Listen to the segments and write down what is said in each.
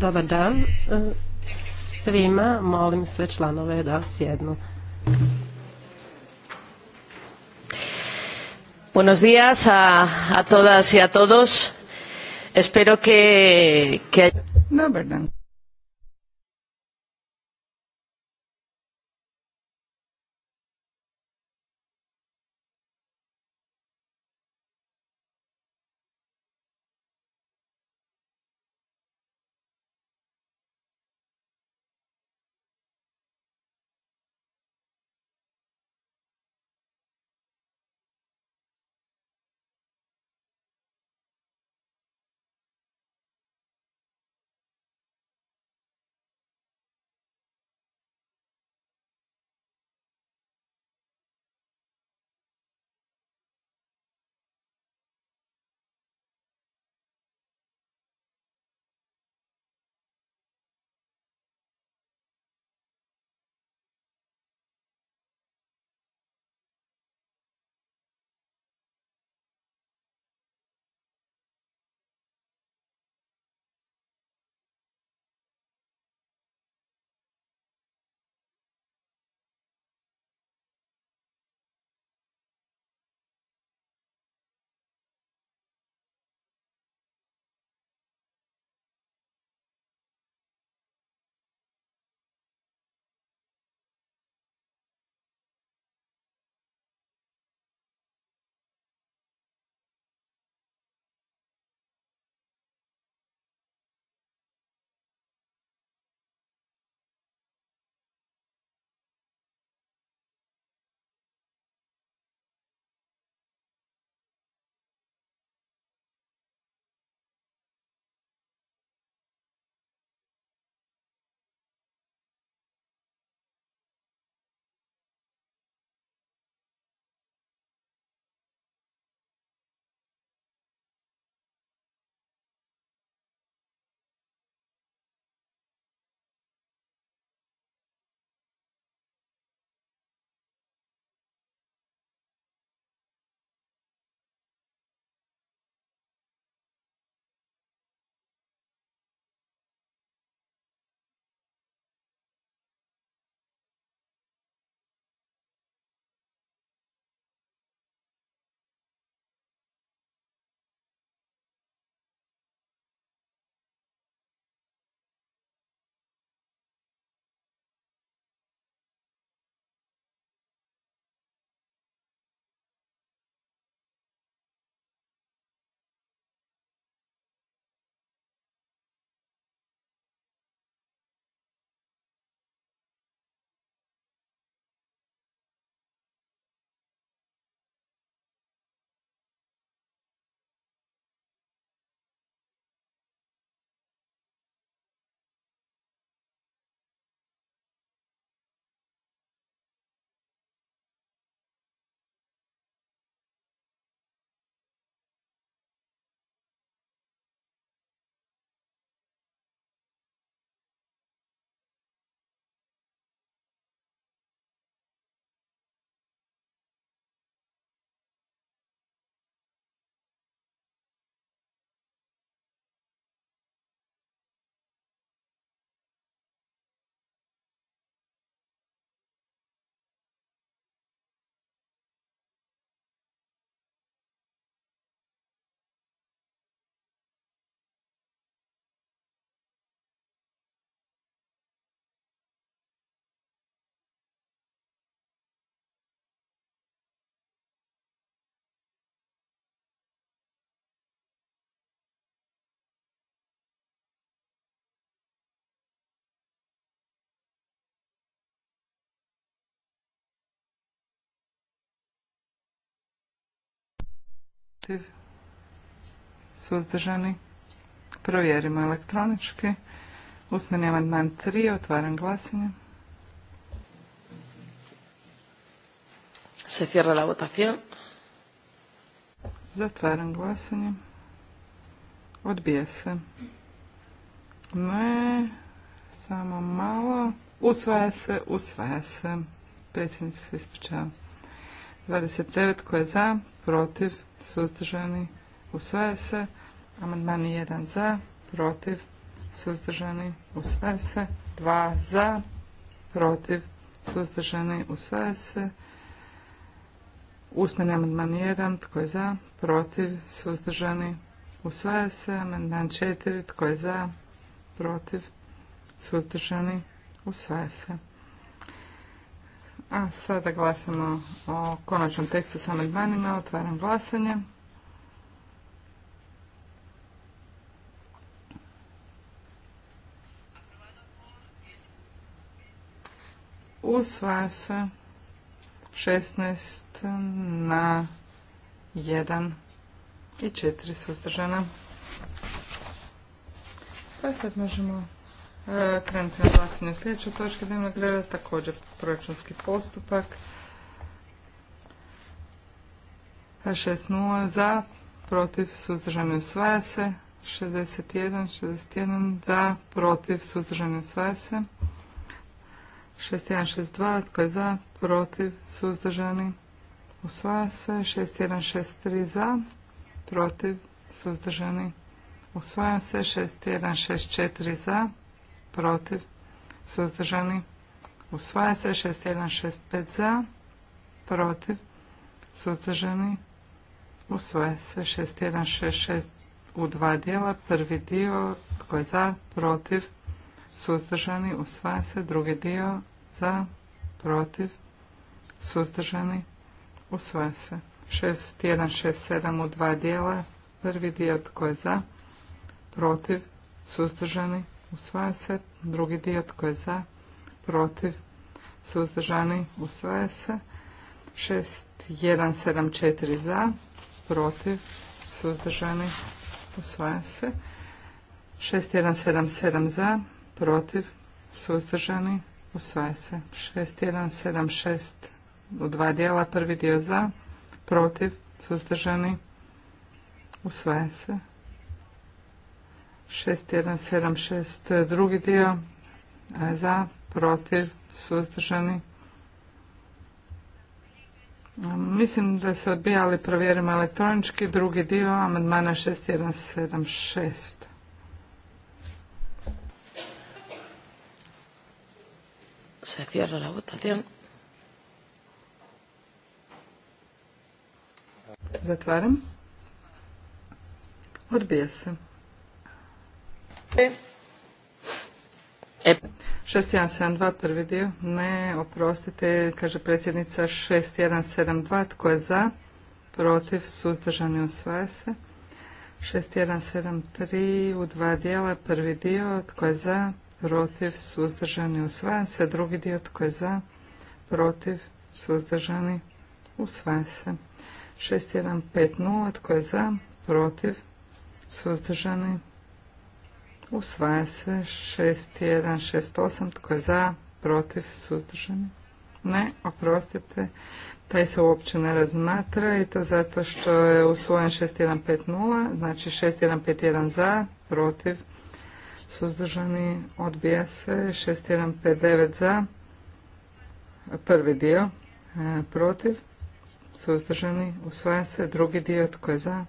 Dobar dan svima. Molim sve članove da sjednu. Buenos días a, a todas y a todos. Espero que... que... Dobar dan protiv, suzdržani. Provjerimo elektronički. Usmeni amandman 3. Otvaram glasanje. Se cierra la votación. Zatvaram glasanje. Odbije se. Ne, samo malo. Usvaja se, usvaja se. Predsjednik se ispričava. 29 koje je za, protiv, suzdržani, usvaja se. Amandman 1 za, protiv, suzdržani, usvaja se. 2 za, protiv, suzdržani, usvaja se. Usmeni amandman 1, tko je za, protiv, suzdržani, usvaja se. Amandman 4, tko je za, protiv, suzdržani, usvaja se. A sada glasamo o konačnom tekstu sa amandmanima. Otvaram glasanje. Usvaja se 16 na 1 i 4 suzdržana. Pa sad možemo E, Krenuti na glasanje sljedeće točke dnevnog reda, također proračunski postupak. 6.0 za, protiv, suzdržani usvaja se. 61, 61 za, protiv, suzdržani usvaja se. 6162, tko je za, protiv, suzdržani, usvaja se. 6163 za, protiv, suzdržani, usvaja se. 6164 za, protiv, suzdržani, usvaja se 6165 za, protiv, suzdržani, usvaja se 6166 u dva dijela, prvi dio tko je za, protiv, suzdržani, usvaja se, drugi dio za, protiv, suzdržani, usvaja se. 6167 u dva dijela, prvi dio tko je za, protiv, suzdržani, usvaja se. Drugi dio tko je za, protiv, suzdržani, usvaja se. 6174 za, protiv, suzdržani, usvaja se. 6177 za, protiv, suzdržani, usvaja se. 6176 u dva dijela, prvi dio za, protiv, suzdržani, usvaja se. 6176 drugi dio za, protiv, suzdržani. Mislim da se odbija, ali provjerimo elektronički drugi dio amandmana 6176. Se cierra la votación. Zatvaram. Odbija se. 6172, e. prvi dio. Ne, oprostite, kaže predsjednica 6172. Tko je za? Protiv, suzdržani, usvaja se. 6173 u dva dijela. Prvi dio, tko je za? Protiv, suzdržani, usvaja se. Drugi dio, tko je za? Protiv, suzdržani, usvaja se. 6150, tko je za? Protiv, suzdržani, Usvaja se 6168. Tko je za? Protiv? Suzdržani? Ne, oprostite. Taj se uopće ne razmatra i to zato što je usvojen 6150. Znači 6151 za, protiv? Suzdržani? Odbija se 6159 za. Prvi dio. E, protiv? Suzdržani? Usvaja se. Drugi dio. Tko je za?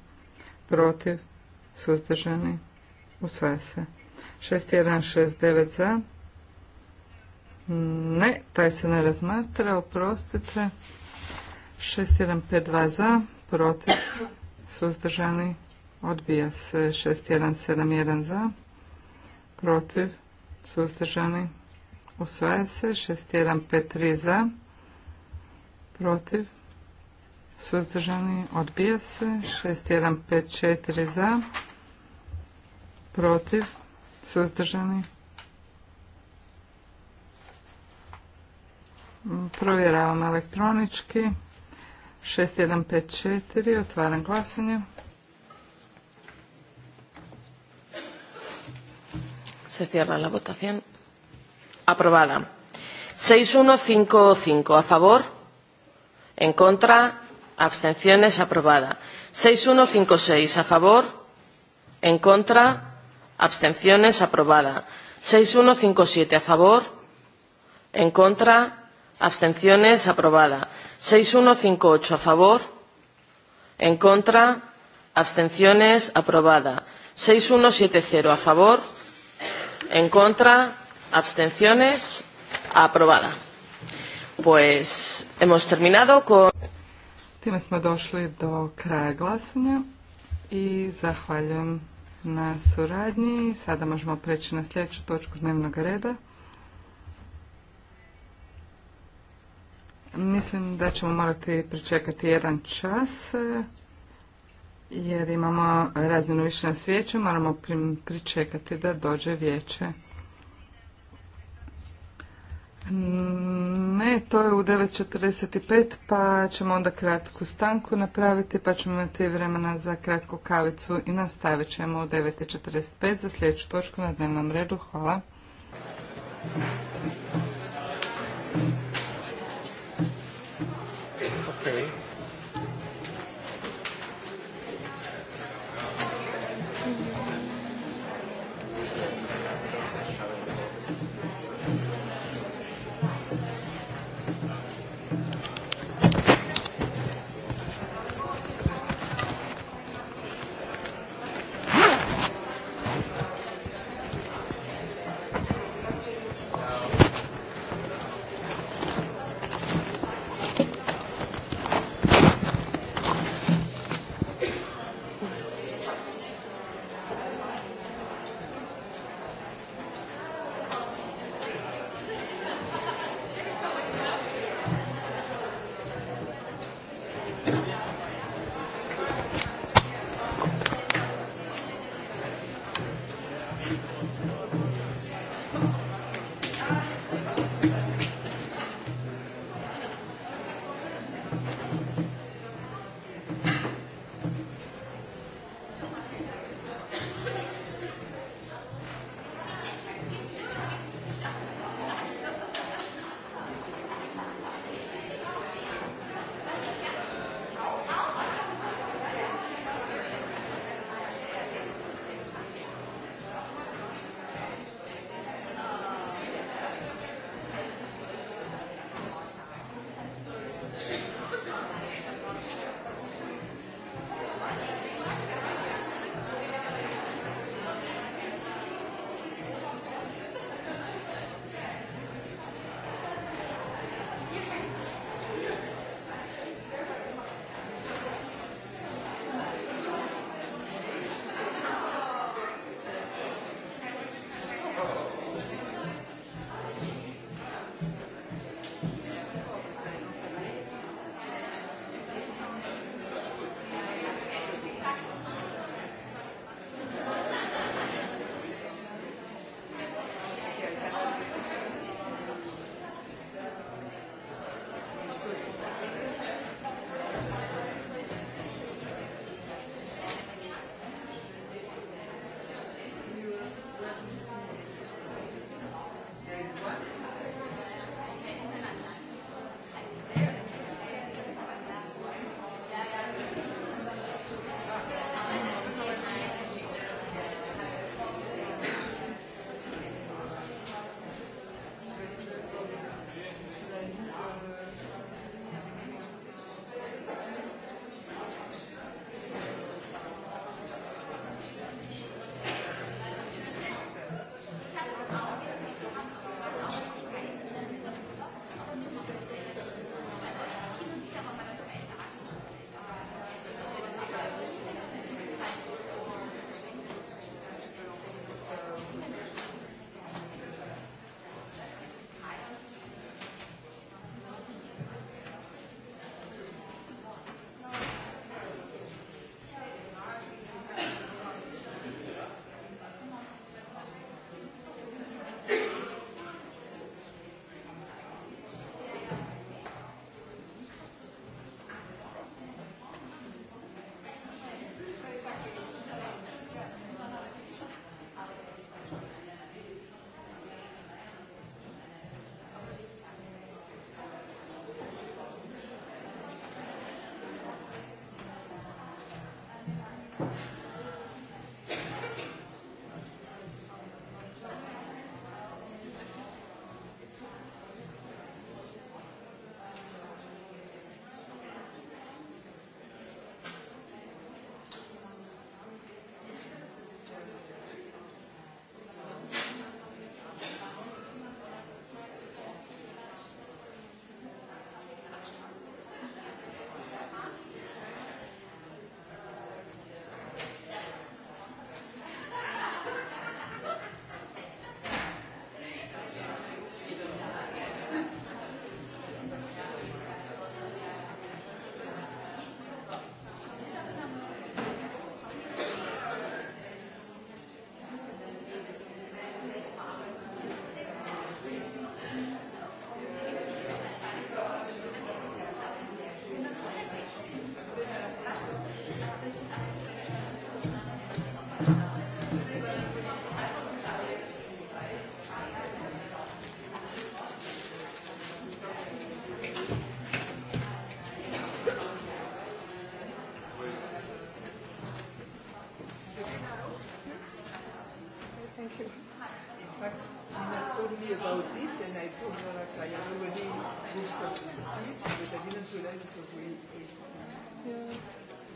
Protiv? Suzdržani? Usvaja se. 6169 za. Ne, taj se ne razmatra, oprostite. 6152 za, protiv, suzdržani, odbija se. 6171 za, protiv, suzdržani, usvaja se. 6153 za, protiv, suzdržani, odbija se. 6154 za, protiv, protiv, suzdržani. Provjeravam elektronički. 6154, otvaram glasanje. Se cierra la votación. Aprobada. 6155, a favor, en contra, abstenciones, aprobada. 6156, a favor, en contra, abstenciones aprobada 6157 a favor en contra abstenciones aprobada 6158 a favor en contra abstenciones aprobada 6170 a favor en contra abstenciones aprobada pues hemos terminado con Time smo došli do kraja glasanja i zahvaljujem na suradnji. Sada možemo preći na sljedeću točku dnevnog reda. Mislim da ćemo morati pričekati jedan čas jer imamo razmjenu više na svijeću, moramo pričekati da dođe vijeće. Ne, to je u 9.45 pa ćemo onda kratku stanku napraviti pa ćemo imati vremena za kratku kavicu i nastavit ćemo u 9.45 za sljedeću točku na dnevnom redu. Hvala.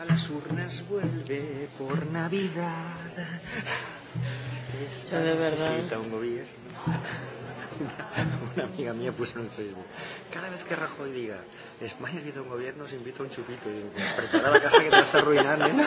a las urnas vuelve por Navidad. Esta de verdad. un gobierno. Una, amiga mía puso en Facebook. Cada vez que Rajoy diga, España necesita un gobierno, se invita a un chupito. Y digo, prepara la caja que te vas a arruinar, ¿eh?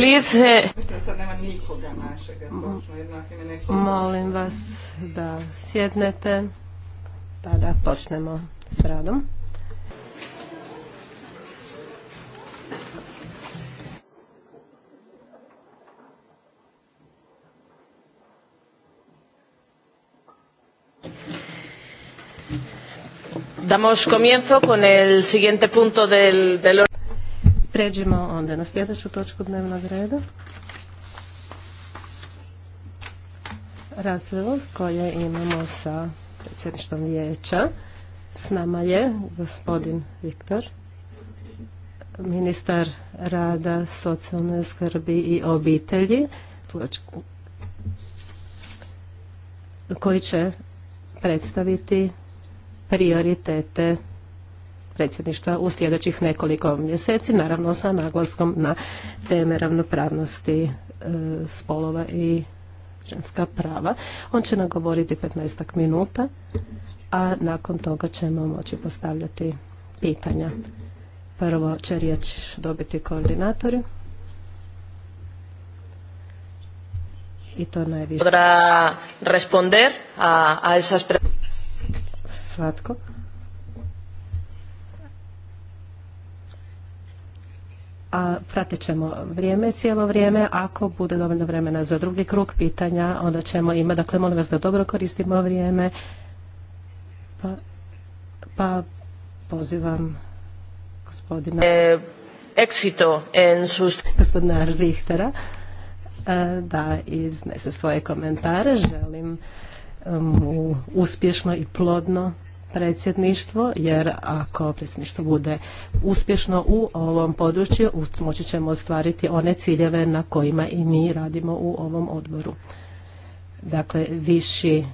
please... Eh, Molim vas da sjednete, pa da počnemo s radom. Damos comienzo con el siguiente punto del, del pređemo onda na sljedeću točku dnevnog reda. Raspravu koje imamo sa predsjedništvom vijeća. S nama je gospodin Viktor, ministar rada, socijalne skrbi i obitelji, koji će predstaviti prioritete predsjedništva u sljedećih nekoliko mjeseci, naravno sa naglaskom na teme ravnopravnosti e, spolova i ženska prava. On će nam govoriti 15 minuta, a nakon toga ćemo moći postavljati pitanja. Prvo će riječ dobiti koordinatori. I to najviše. responder a, Svatko a pratit ćemo vrijeme cijelo vrijeme. Ako bude dovoljno vremena za drugi krug pitanja, onda ćemo imati. Dakle, molim vas da dobro koristimo vrijeme. Pa, pa pozivam gospodina... E, en sus... Gospodina Richtera e, da iznese svoje komentare. Želim e, mu uspješno i plodno predsjedništvo, jer ako predsjedništvo bude uspješno u ovom području, moći ćemo ostvariti one ciljeve na kojima i mi radimo u ovom odboru. Dakle, viši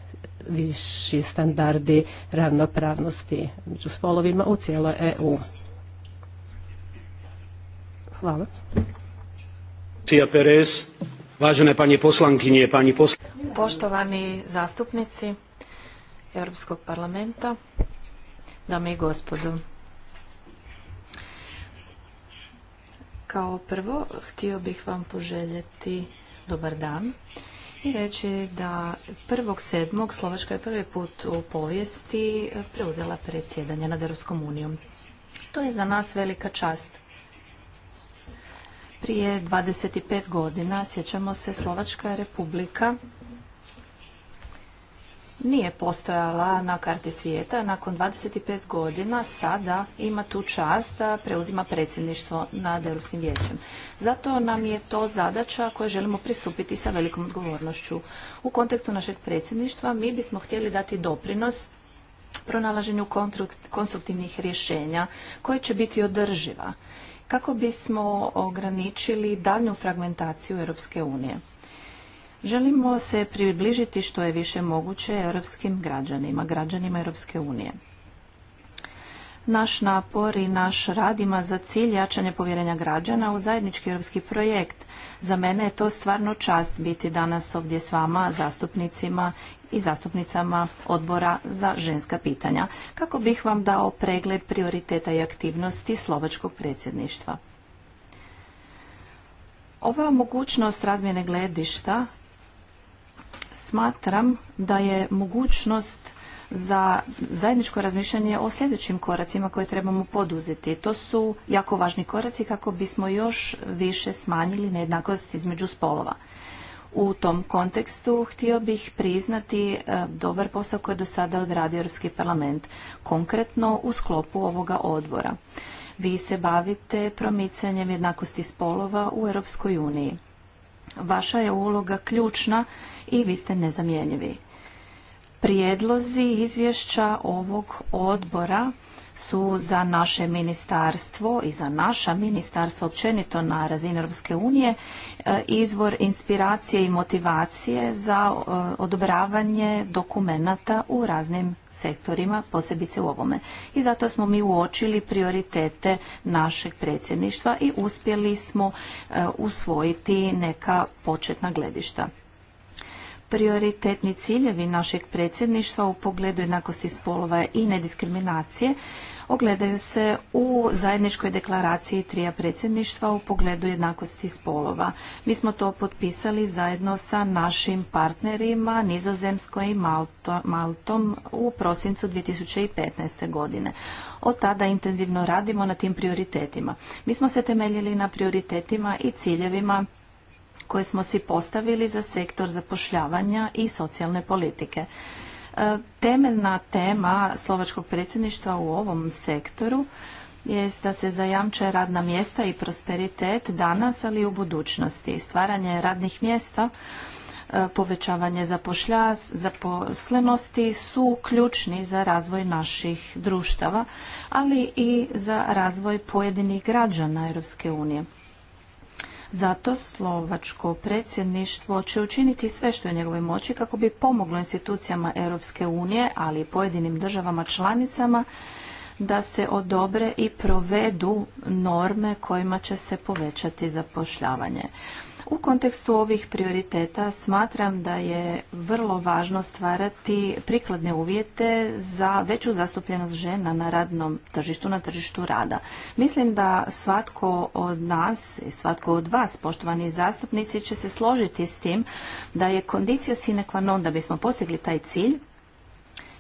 viši standardi ravnopravnosti među spolovima u cijeloj EU. Hvala. Perez, važene poslankinje, pani Poštovani zastupnici, Europskog parlamenta, dame i gospodo. Kao prvo, htio bih vam poželjeti dobar dan i reći da sedmog Slovačka je prvi put u povijesti preuzela predsjedanje nad Europskom unijom. To je za nas velika čast. Prije 25 godina, sjećamo se, Slovačka republika nije postojala na karti svijeta. Nakon 25 godina sada ima tu čast da preuzima predsjedništvo nad Europskim vijećem. Zato nam je to zadaća koju želimo pristupiti sa velikom odgovornošću. U kontekstu našeg predsjedništva mi bismo htjeli dati doprinos pronalaženju konstruktivnih rješenja koje će biti održiva kako bismo ograničili daljnju fragmentaciju Europske unije. Želimo se približiti što je više moguće europskim građanima, građanima Europske unije. Naš napor i naš rad ima za cilj jačanje povjerenja građana u zajednički europski projekt. Za mene je to stvarno čast biti danas ovdje s vama, zastupnicima i zastupnicama odbora za ženska pitanja, kako bih vam dao pregled prioriteta i aktivnosti slovačkog predsjedništva. Ova mogućnost razmjene gledišta smatram da je mogućnost za zajedničko razmišljanje o sljedećim koracima koje trebamo poduzeti. To su jako važni koraci kako bismo još više smanjili nejednakost između spolova. U tom kontekstu htio bih priznati e, dobar posao koji je do sada odradio Europski parlament, konkretno u sklopu ovoga odbora. Vi se bavite promicanjem jednakosti spolova u Europskoj uniji. Vaša je uloga ključna i vi ste nezamjenjivi. Prijedlozi izvješća ovog odbora su za naše ministarstvo i za naša ministarstva općenito na razini Europske unije e, izvor inspiracije i motivacije za e, odobravanje dokumenata u raznim sektorima, posebice u ovome. I zato smo mi uočili prioritete našeg predsjedništva i uspjeli smo e, usvojiti neka početna gledišta prioritetni ciljevi našeg predsjedništva u pogledu jednakosti spolova i nediskriminacije ogledaju se u zajedničkoj deklaraciji trija predsjedništva u pogledu jednakosti spolova. Mi smo to potpisali zajedno sa našim partnerima Nizozemskoj i Maltom u prosincu 2015. godine. Od tada intenzivno radimo na tim prioritetima. Mi smo se temeljili na prioritetima i ciljevima koje smo si postavili za sektor zapošljavanja i socijalne politike. E, temeljna tema slovačkog predsjedništva u ovom sektoru je da se zajamče radna mjesta i prosperitet danas, ali i u budućnosti. Stvaranje radnih mjesta e, povećavanje zaposlenosti su ključni za razvoj naših društava, ali i za razvoj pojedinih građana Europske unije. Zato slovačko predsjedništvo će učiniti sve što je u njegovoj moći kako bi pomoglo institucijama Europske unije, ali i pojedinim državama članicama da se odobre i provedu norme kojima će se povećati zapošljavanje. U kontekstu ovih prioriteta smatram da je vrlo važno stvarati prikladne uvjete za veću zastupljenost žena na radnom tržištu, na tržištu rada. Mislim da svatko od nas i svatko od vas, poštovani zastupnici, će se složiti s tim da je kondicija sine qua non da bismo postigli taj cilj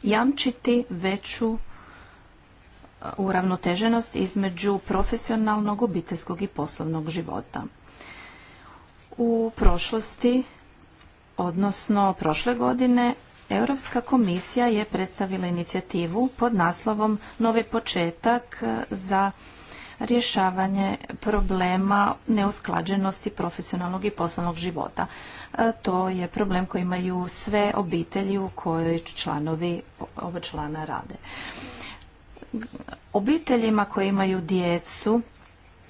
jamčiti veću uh, uravnoteženost između profesionalnog, obiteljskog i poslovnog života. U prošlosti, odnosno prošle godine, Europska komisija je predstavila inicijativu pod naslovom Novi početak za rješavanje problema neusklađenosti profesionalnog i poslovnog života. E, to je problem koji imaju sve obitelji u kojoj članovi ove člana rade. Obiteljima koji imaju djecu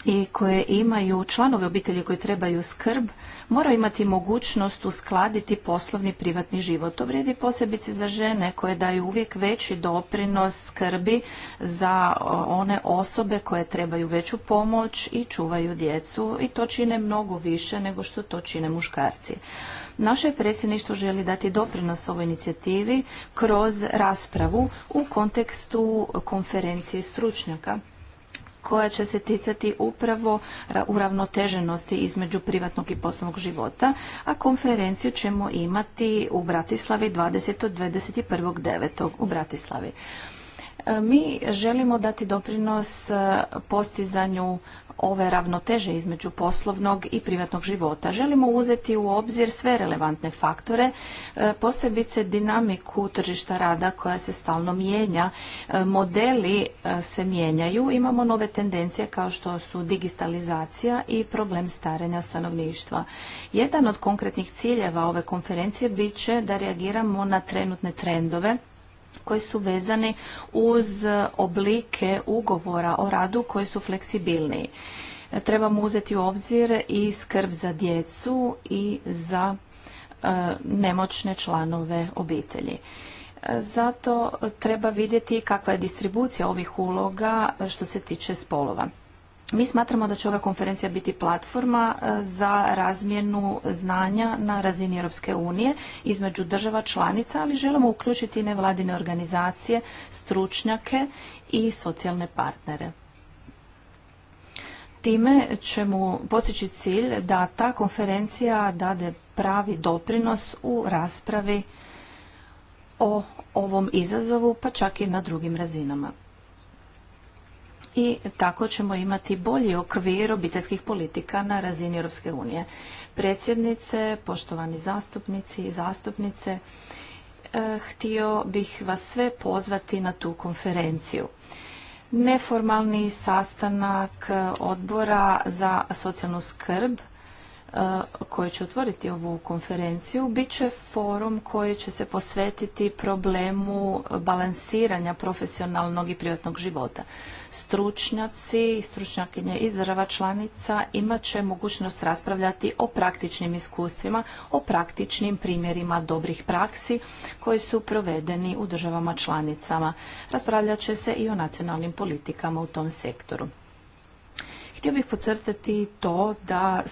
i koje imaju članove obitelji koji trebaju skrb, moraju imati mogućnost uskladiti poslovni privatni život. To vrijedi posebice za žene koje daju uvijek veći doprinos skrbi za one osobe koje trebaju veću pomoć i čuvaju djecu i to čine mnogo više nego što to čine muškarci. Naše predsjedništvo želi dati doprinos ovoj inicijativi kroz raspravu u kontekstu konferencije stručnjaka koja će se ticati upravo uravnoteženosti između privatnog i poslovnog života, a konferenciju ćemo imati u Bratislavi 20. 9. u Bratislavi. E, mi želimo dati doprinos e, postizanju ove ravnoteže između poslovnog i privatnog života. Želimo uzeti u obzir sve relevantne faktore, e, posebice dinamiku tržišta rada koja se stalno mijenja. Modeli se mijenjaju, imamo nove tendencije kao što su digitalizacija i problem starenja stanovništva. Jedan od konkretnih ciljeva ove konferencije bit će da reagiramo na trenutne trendove koji su vezani uz oblike ugovora o radu koji su fleksibilniji. Trebamo uzeti u obzir i skrb za djecu i za e, nemoćne članove obitelji. Zato treba vidjeti kakva je distribucija ovih uloga što se tiče spolova. Mi smatramo da će ova konferencija biti platforma e, za razmjenu znanja na razini Europske unije između država članica, ali želimo uključiti i nevladine organizacije, stručnjake i socijalne partnere. Time ćemo postići cilj da ta konferencija dade pravi doprinos u raspravi o ovom izazovu, pa čak i na drugim razinama i tako ćemo imati bolji okvir obiteljskih politika na razini Europske unije. Predsjednice, poštovani zastupnici i zastupnice, e, htio bih vas sve pozvati na tu konferenciju. Neformalni sastanak odbora za socijalnu skrb koje će otvoriti ovu konferenciju bit će forum koji će se posvetiti problemu balansiranja profesionalnog i privatnog života. Stručnjaci i stručnjakinje iz država članica imat će mogućnost raspravljati o praktičnim iskustvima, o praktičnim primjerima dobrih praksi koji su provedeni u državama članicama. Raspravljat će se i o nacionalnim politikama u tom sektoru. Htio bih podcrtati to da e,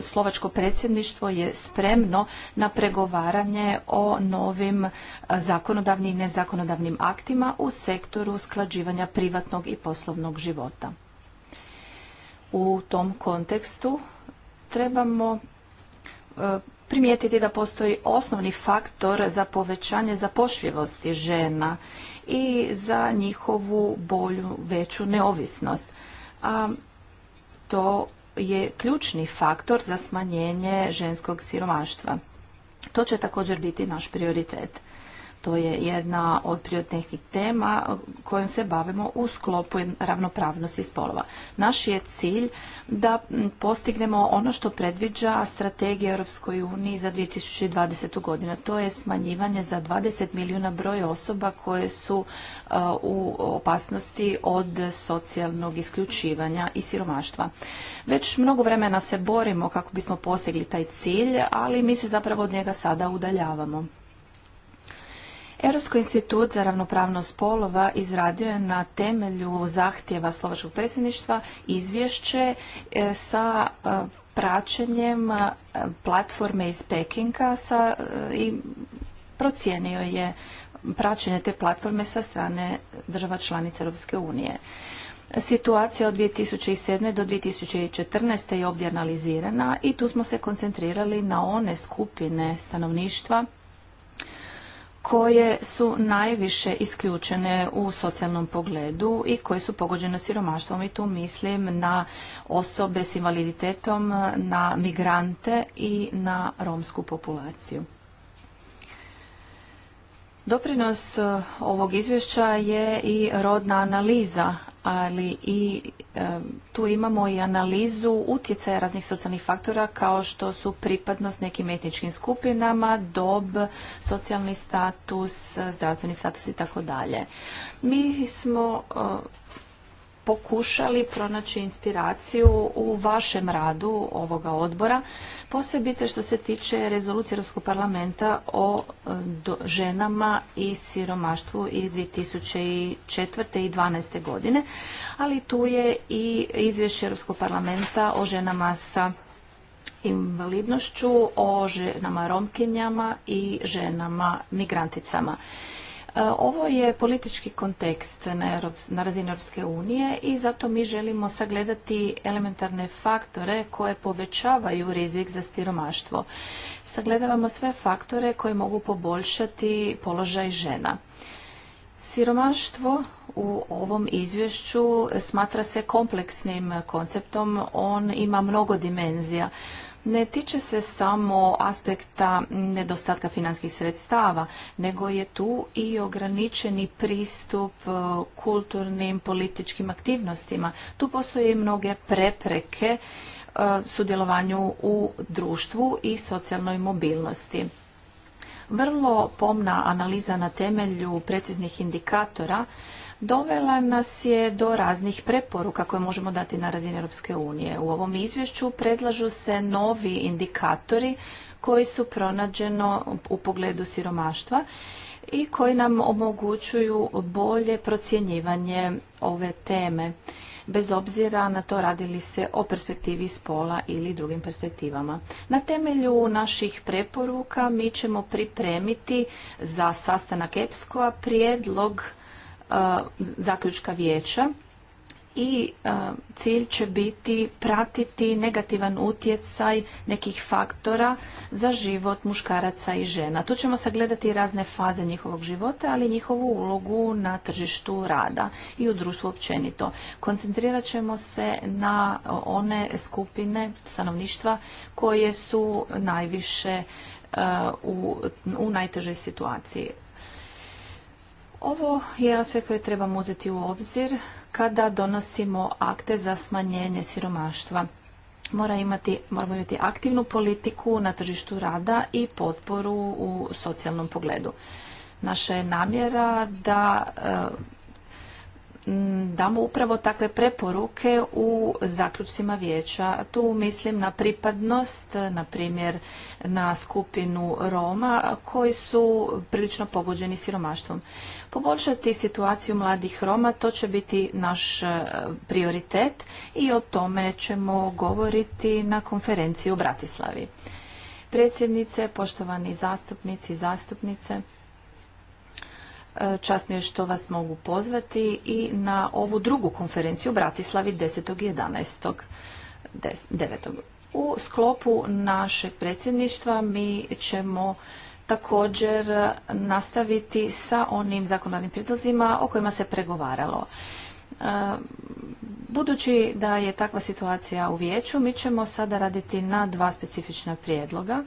slovačko predsjedništvo je spremno na pregovaranje o novim e, zakonodavnim i nezakonodavnim aktima u sektoru sklađivanja privatnog i poslovnog života. U tom kontekstu trebamo e, primijetiti da postoji osnovni faktor za povećanje zapošljivosti žena i za njihovu bolju, veću neovisnost. A to je ključni faktor za smanjenje ženskog siromaštva. To će također biti naš prioritet. To je jedna od prioritetnih tema kojom se bavimo u sklopu ravnopravnosti spolova. Naš je cilj da postignemo ono što predviđa strategija Europskoj uniji za 2020. godinu. To je smanjivanje za 20 milijuna broja osoba koje su uh, u opasnosti od socijalnog isključivanja i siromaštva. Već mnogo vremena se borimo kako bismo postigli taj cilj, ali mi se zapravo od njega sada udaljavamo. Europski institut za ravnopravnost spolova izradio je na temelju zahtjeva slovačkog predsjedništva izvješće e, sa e, praćenjem e, platforme iz Pekinga i procijenio je praćenje te platforme sa strane država članica Europske unije. Situacija od 2007. do 2014. je ovdje analizirana i tu smo se koncentrirali na one skupine stanovništva koje su najviše isključene u socijalnom pogledu i koje su pogođene siromaštvom i tu mislim na osobe s invaliditetom, na migrante i na romsku populaciju. Doprinos e, ovog izvješća je i rodna analiza, ali i e, tu imamo i analizu utjecaja raznih socijalnih faktora kao što su pripadnost nekim etničkim skupinama, dob, socijalni status, e, zdravstveni status i tako dalje. Mi smo pokušali pronaći inspiraciju u vašem radu ovoga odbora, posebice što se tiče rezolucije Europskog parlamenta o e, ženama i siromaštvu iz 2004. i 2012. godine, ali tu je i izvješće Europskog parlamenta o ženama sa invalidnošću, o ženama romkinjama i ženama migranticama. E, ovo je politički kontekst na, razini Europske unije i zato mi želimo sagledati elementarne faktore koje povećavaju rizik za siromaštvo. Sagledavamo sve faktore koji mogu poboljšati položaj žena. Siromaštvo u ovom izvješću smatra se kompleksnim konceptom, on ima mnogo dimenzija ne tiče se samo aspekta nedostatka finanskih sredstava, nego je tu i ograničeni pristup e, kulturnim, političkim aktivnostima. Tu postoje mnoge prepreke e, sudjelovanju u društvu i socijalnoj mobilnosti. Vrlo pomna analiza na temelju preciznih indikatora dovela nas je do raznih preporuka koje možemo dati na razini Europske unije. U ovom izvješću predlažu se novi indikatori koji su pronađeno u pogledu siromaštva i koji nam omogućuju bolje procjenjivanje ove teme bez obzira na to radili se o perspektivi spola ili drugim perspektivama. Na temelju naših preporuka mi ćemo pripremiti za sastanak EPSKO-a prijedlog zaključka vijeća i cilj će biti pratiti negativan utjecaj nekih faktora za život muškaraca i žena. Tu ćemo sagledati razne faze njihovog života, ali njihovu ulogu na tržištu rada i u društvu općenito. Koncentrirat ćemo se na one skupine stanovništva koje su najviše u, u najtežoj situaciji. Ovo je aspekt koji trebamo uzeti u obzir kada donosimo akte za smanjenje siromaštva. Mora imati, moramo imati aktivnu politiku na tržištu rada i potporu u socijalnom pogledu. Naša je namjera da damo upravo takve preporuke u zaključcima vijeća. Tu mislim na pripadnost, na primjer na skupinu Roma koji su prilično pogođeni siromaštvom. Poboljšati situaciju mladih Roma to će biti naš e, prioritet i o tome ćemo govoriti na konferenciji u Bratislavi. Predsjednice, poštovani zastupnici i zastupnice, Čast mi je što vas mogu pozvati i na ovu drugu konferenciju u Bratislavi 10. U sklopu našeg predsjedništva mi ćemo također nastaviti sa onim zakonodavnim prijedlozima o kojima se pregovaralo. E, budući da je takva situacija u vijeću, mi ćemo sada raditi na dva specifična prijedloga,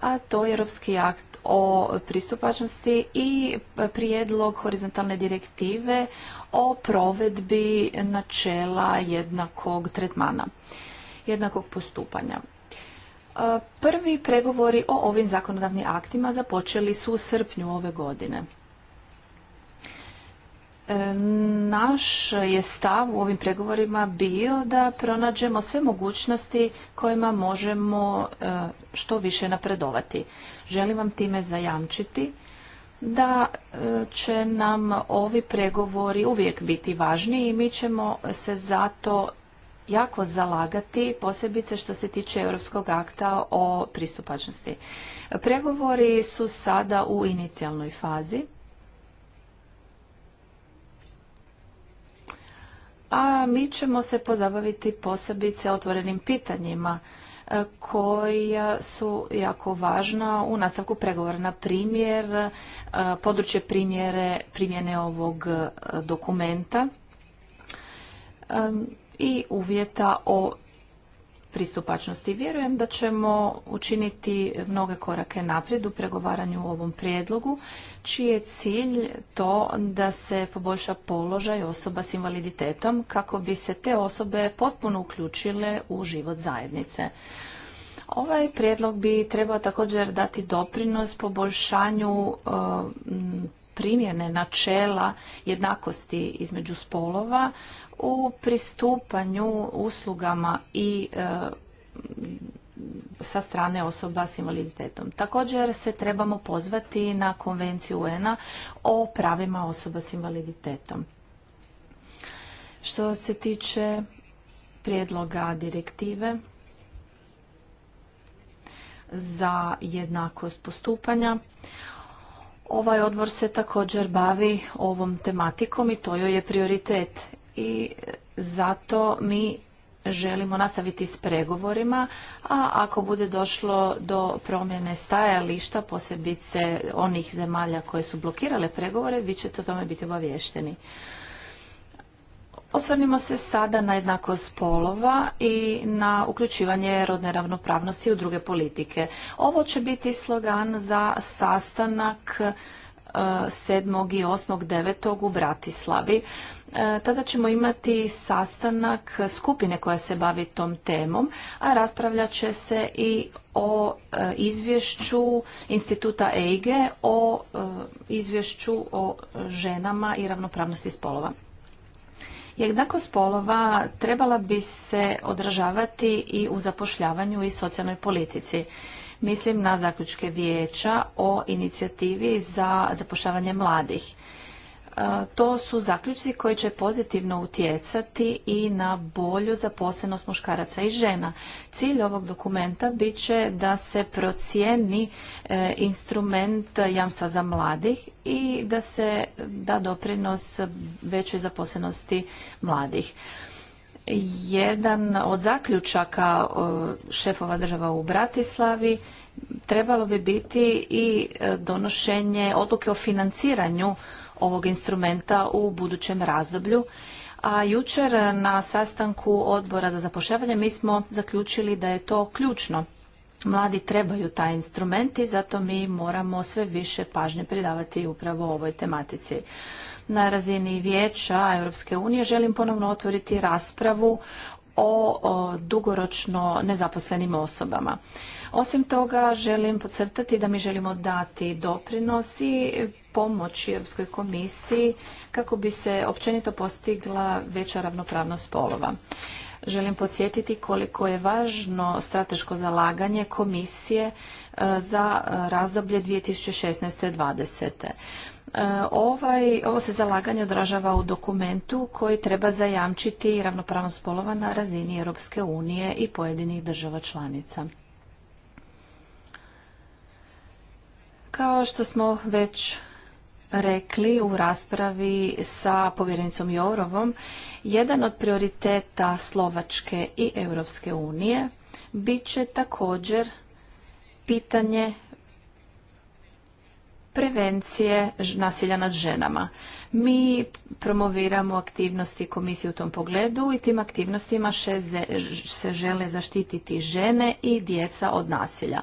a to je Europski akt o pristupačnosti i prijedlog horizontalne direktive o provedbi načela jednakog tretmana, jednakog postupanja. E, prvi pregovori o ovim zakonodavnim aktima započeli su u srpnju ove godine. E, naš je stav u ovim pregovorima bio da pronađemo sve mogućnosti kojima možemo e, što više napredovati. Želim vam time zajamčiti da e, će nam ovi pregovori uvijek biti važni i mi ćemo se zato jako zalagati, posebice što se tiče Europskog akta o pristupačnosti. Pregovori su sada u inicijalnoj fazi a mi ćemo se pozabaviti posebice otvorenim pitanjima e, koja su jako važna u nastavku pregovora. Na primjer, e, područje primjere, primjene ovog e, dokumenta i uvjeta o pristupačnosti. Vjerujem da ćemo učiniti mnoge korake naprijed u pregovaranju u ovom prijedlogu čiji je cilj to da se poboljša položaj osoba s invaliditetom kako bi se te osobe potpuno uključile u život zajednice. Ovaj prijedlog bi trebao također dati doprinos poboljšanju e, primjene načela jednakosti između spolova u pristupanju uslugama i e, sa strane osoba s invaliditetom. Također se trebamo pozvati na konvenciju UN-a o pravima osoba s invaliditetom. Što se tiče prijedloga direktive za jednakost postupanja, ovaj odbor se također bavi ovom tematikom i to joj je prioritet i zato mi želimo nastaviti s pregovorima, a ako bude došlo do promjene stajališta, posebice onih zemalja koje su blokirale pregovore, vi ćete o tome biti obavješteni. Osvrnimo se sada na jednakost spolova i na uključivanje rodne ravnopravnosti u druge politike. Ovo će biti slogan za sastanak 7. E, i 8. 9. u Bratislavi. E, tada ćemo imati sastanak skupine koja se bavi tom temom, a raspravljat će se i o e, izvješću instituta EIGE o e, izvješću o ženama i ravnopravnosti spolova. Jednako spolova trebala bi se odražavati i u zapošljavanju i socijalnoj politici. Mislim na zaključke vijeća o inicijativi za zapošljavanje mladih. To su zaključci koji će pozitivno utjecati i na bolju zaposlenost muškaraca i žena. Cilj ovog dokumenta bit će da se procijeni e, instrument jamstva za mladih i da se da doprinos većoj zaposlenosti mladih. Jedan od zaključaka šefova država u Bratislavi trebalo bi biti i e, donošenje odluke o financiranju ovog instrumenta u budućem razdoblju. A jučer na sastanku odbora za zapošljavanje mi smo zaključili da je to ključno. Mladi trebaju taj instrument i zato mi moramo sve više pažnje pridavati upravo ovoj tematici. Na razini vijeća Europske unije želim ponovno otvoriti raspravu o dugoročno nezaposlenim osobama. Osim toga, želim podcrtati da mi želimo dati doprinos i pomoći Europskoj komisiji kako bi se općenito postigla veća ravnopravnost spolova. Želim podsjetiti koliko je važno strateško zalaganje komisije e, za razdoblje 2016-2020. E, ovaj, ovo se zalaganje odražava u dokumentu koji treba zajamčiti ravnopravnost spolova na razini Europske unije i pojedinih država članica. Kao što smo već rekli u raspravi sa povjerenicom Jorovom, jedan od prioriteta Slovačke i Europske unije bit će također pitanje prevencije nasilja nad ženama. Mi promoviramo aktivnosti komisije u tom pogledu i tim aktivnostima se žele zaštititi žene i djeca od nasilja.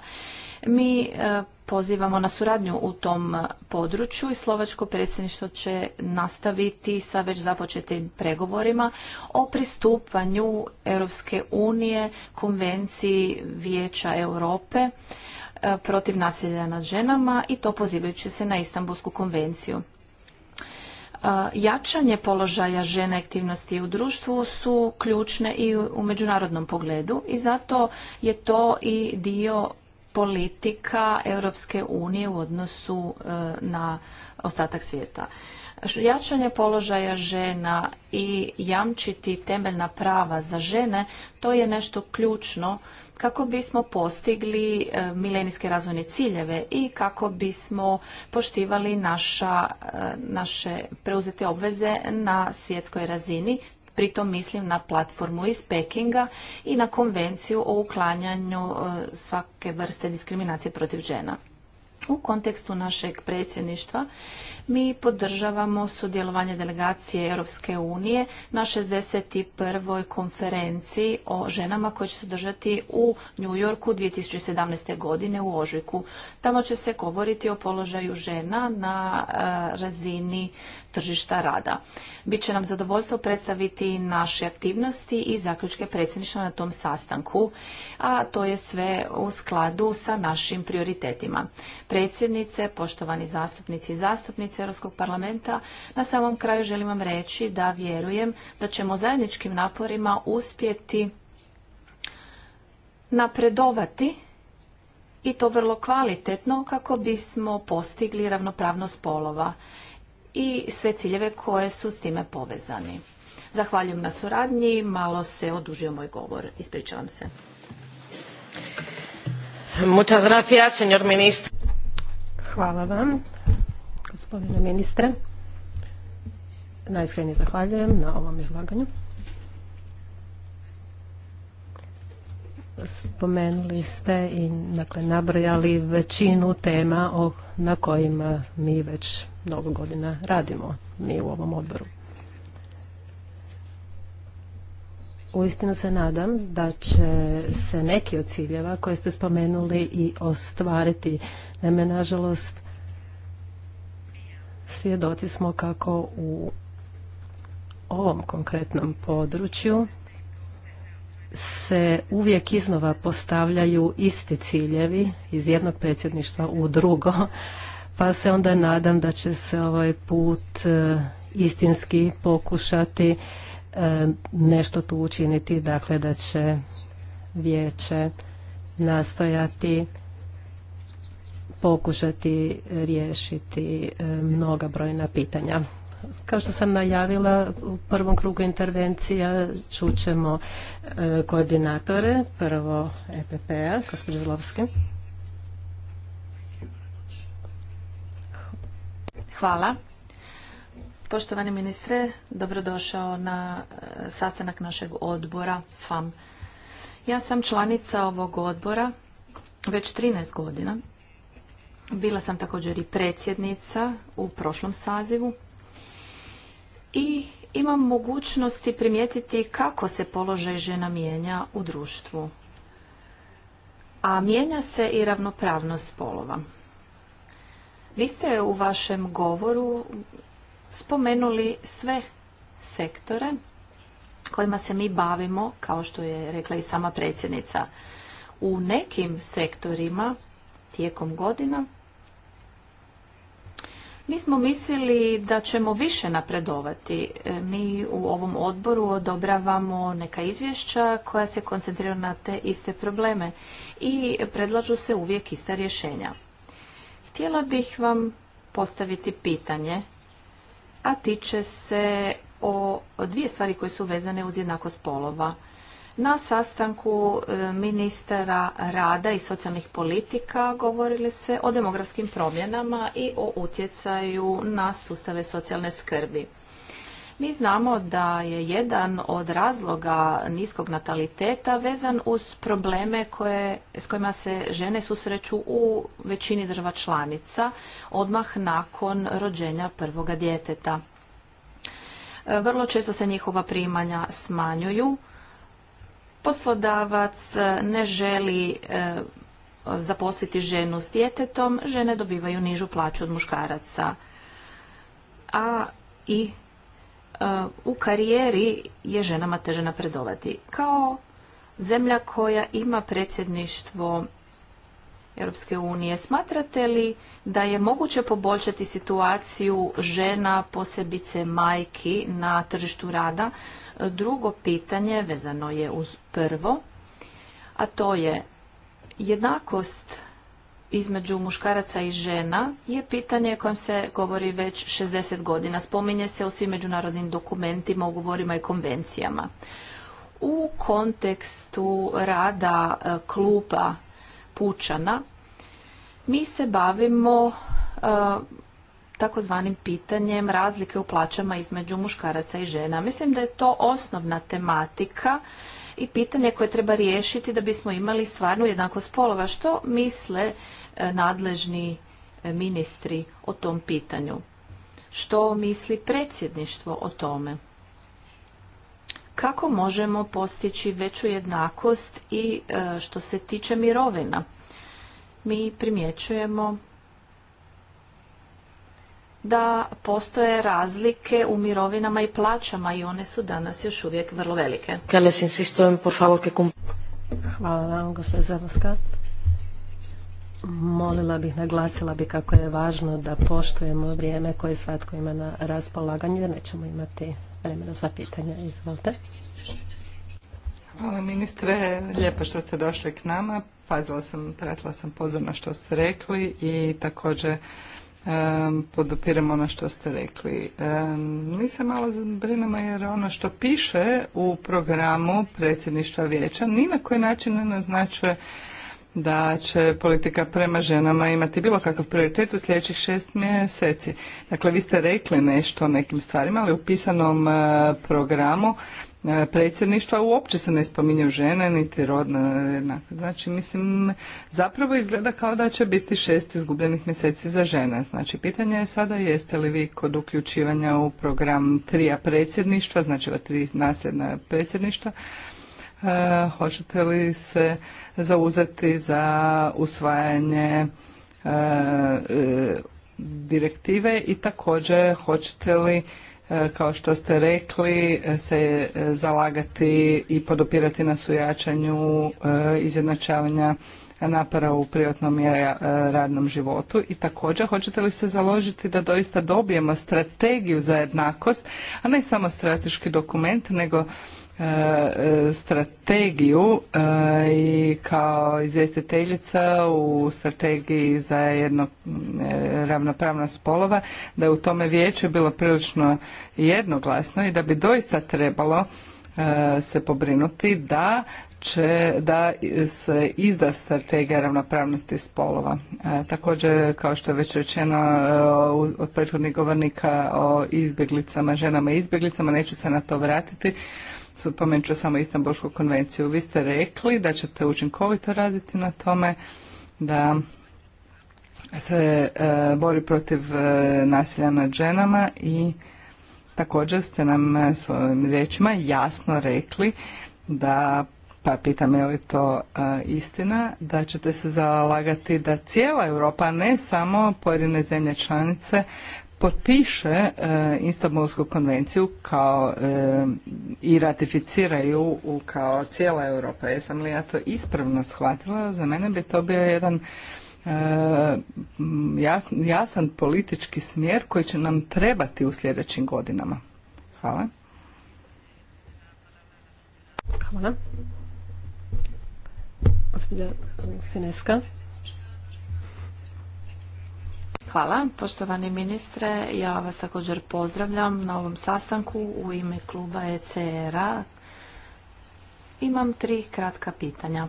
Mi e, pozivamo na suradnju u tom području i slovačko predsjedništvo će nastaviti sa već započetim pregovorima o pristupanju Europske unije konvenciji Vijeća Europe e, protiv nasilja nad ženama i to pozivajući se na Istanbulsku konvenciju. E, jačanje položaja žene aktivnosti u društvu su ključne i u međunarodnom pogledu i zato je to i dio politika Europske unije u odnosu e, na ostatak svijeta. Jačanje položaja žena i jamčiti temeljna prava za žene, to je nešto ključno kako bismo postigli e, milenijske razvojne ciljeve i kako bismo poštivali naša, e, naše preuzete obveze na svjetskoj razini Pritom mislim na platformu iz Pekinga i na konvenciju o uklanjanju e, svake vrste diskriminacije protiv žena. U kontekstu našeg predsjedništva mi podržavamo sudjelovanje delegacije Europske unije na 61. konferenciji o ženama koje će se držati u New Yorku 2017. godine u Ožujku. Tamo će se govoriti o položaju žena na e, razini tržišta rada. Biće nam zadovoljstvo predstaviti naše aktivnosti i zaključke predsjedništva na tom sastanku, a to je sve u skladu sa našim prioritetima. Predsjednice, poštovani zastupnici i zastupnice Europskog parlamenta, na samom kraju želim vam reći da vjerujem da ćemo zajedničkim naporima uspjeti napredovati i to vrlo kvalitetno kako bismo postigli ravnopravnost polova i sve ciljeve koje su s time povezani. Zahvaljujem na suradnji, malo se odužio moj govor, ispričavam se. Muchas gracias, señor Hvala vam, gospodine ministre. Najskrenije zahvaljujem na ovom izlaganju. spomenuli ste i dakle, nabrojali većinu tema o, na kojima mi već mnogo godina radimo, mi u ovom odboru. Uistinu se nadam da će se neki od ciljeva koje ste spomenuli i ostvariti. Naime, nažalost, svjedoci smo kako u ovom konkretnom području se uvijek iznova postavljaju isti ciljevi iz jednog predsjedništva u drugo, pa se onda nadam da će se ovaj put e, istinski pokušati e, nešto tu učiniti, dakle da će vijeće nastojati pokušati riješiti e, mnoga brojna pitanja. Kao što sam najavila, u prvom krugu intervencija čućemo e, koordinatore, prvo EPP-a, gospođa Zlovski. Hvala. Poštovani ministre, dobrodošao na e, sastanak našeg odbora FAM. Ja sam članica ovog odbora već 13 godina. Bila sam također i predsjednica u prošlom sazivu i imam mogućnosti primijetiti kako se položaj žena mijenja u društvu. A mijenja se i ravnopravnost polova. Vi ste u vašem govoru spomenuli sve sektore kojima se mi bavimo, kao što je rekla i sama predsjednica. U nekim sektorima tijekom godina mi smo mislili da ćemo više napredovati. E, mi u ovom odboru odobravamo neka izvješća koja se koncentriraju na te iste probleme i predlažu se uvijek ista rješenja. Htjela bih vam postaviti pitanje, a tiče se o dvije stvari koje su vezane uz jednakost polova. Na sastanku e, ministara rada i socijalnih politika govorili se o demografskim promjenama i o utjecaju na sustave socijalne skrbi. Mi znamo da je jedan od razloga niskog nataliteta vezan uz probleme koje, s kojima se žene susreću u većini država članica odmah nakon rođenja prvoga djeteta. E, vrlo često se njihova primanja smanjuju poslodavac e, ne želi e, zaposliti ženu s djetetom, žene dobivaju nižu plaću od muškaraca. A i e, u karijeri je ženama teže napredovati. Kao zemlja koja ima predsjedništvo Europske unije. Smatrate li da je moguće poboljšati situaciju žena, posebice majki na tržištu rada? Drugo pitanje vezano je uz prvo, a to je jednakost između muškaraca i žena je pitanje kojem se govori već 60 godina. Spominje se u svim međunarodnim dokumentima, ugovorima i konvencijama. U kontekstu rada e, kluba pučana, mi se bavimo e, takozvanim pitanjem razlike u plaćama između muškaraca i žena. Mislim da je to osnovna tematika i pitanje koje treba riješiti da bismo imali stvarnu jednakost spolova. Što misle e, nadležni e, ministri o tom pitanju? Što misli predsjedništvo o tome? kako možemo postići veću jednakost i e, što se tiče mirovina. Mi primjećujemo da postoje razlike u mirovinama i plaćama i one su danas još uvijek vrlo velike. Hvala vam, gospođa Zavoska. Molila bih, naglasila bih kako je važno da poštujemo vrijeme koje svatko ima na raspolaganju jer nećemo imati vremena za pitanja. Izvolite. Hvala ministre, lijepo što ste došli k nama. Pazila sam, pratila sam pozorno što ste rekli i također um, podupiramo ono što ste rekli. mi se malo brinemo jer ono što piše u programu predsjedništva vijeća ni na koji način ne naznačuje da će politika prema ženama imati bilo kakav prioritet u sljedećih šest mjeseci. Dakle, vi ste rekli nešto o nekim stvarima, ali u pisanom e, programu e, predsjedništva uopće se ne spominju žene niti rodna Znači, mislim, zapravo izgleda kao da će biti šest izgubljenih mjeseci za žene. Znači, pitanje je sada jeste li vi kod uključivanja u program trija predsjedništva, znači ova tri nasljedna predsjedništva, E, hoćete li se zauzeti za usvajanje e, direktive i također hoćete li e, kao što ste rekli se zalagati i podopirati na u izjednačavanja napora u privatnom i radnom životu i također hoćete li se založiti da doista dobijemo strategiju za jednakost, a ne samo strateški dokument, nego Eh, strategiju eh, i kao izvjestiteljica u strategiji za jedno eh, ravnopravnost spolova da je u tome vijeću bilo prilično jednoglasno i da bi doista trebalo se pobrinuti da će da se izda strategija ravnopravnosti spolova. također, kao što je već rečeno od prethodnih govornika o izbjeglicama, ženama i izbjeglicama, neću se na to vratiti, spomenut ću samo Istanbulsku konvenciju. Vi ste rekli da ćete učinkovito raditi na tome, da se e, bori protiv e, nasilja nad ženama i također ste nam e, svojim riječima jasno rekli da pa pitam je li to istina, da ćete se zalagati da cijela Europa, ne samo pojedine zemlje članice, potpiše e, Istanbulsku konvenciju kao e, i ratificiraju u kao cijela Europa. Jesam li ja to ispravno shvatila? Za mene bi to bio jedan e, jasan, politički smjer koji će nam trebati u sljedećim godinama. Hvala. Hvala. Sineska. Hvala. Poštovani ministre, ja vas također pozdravljam na ovom sastanku u ime kluba ECR-a. Imam tri kratka pitanja.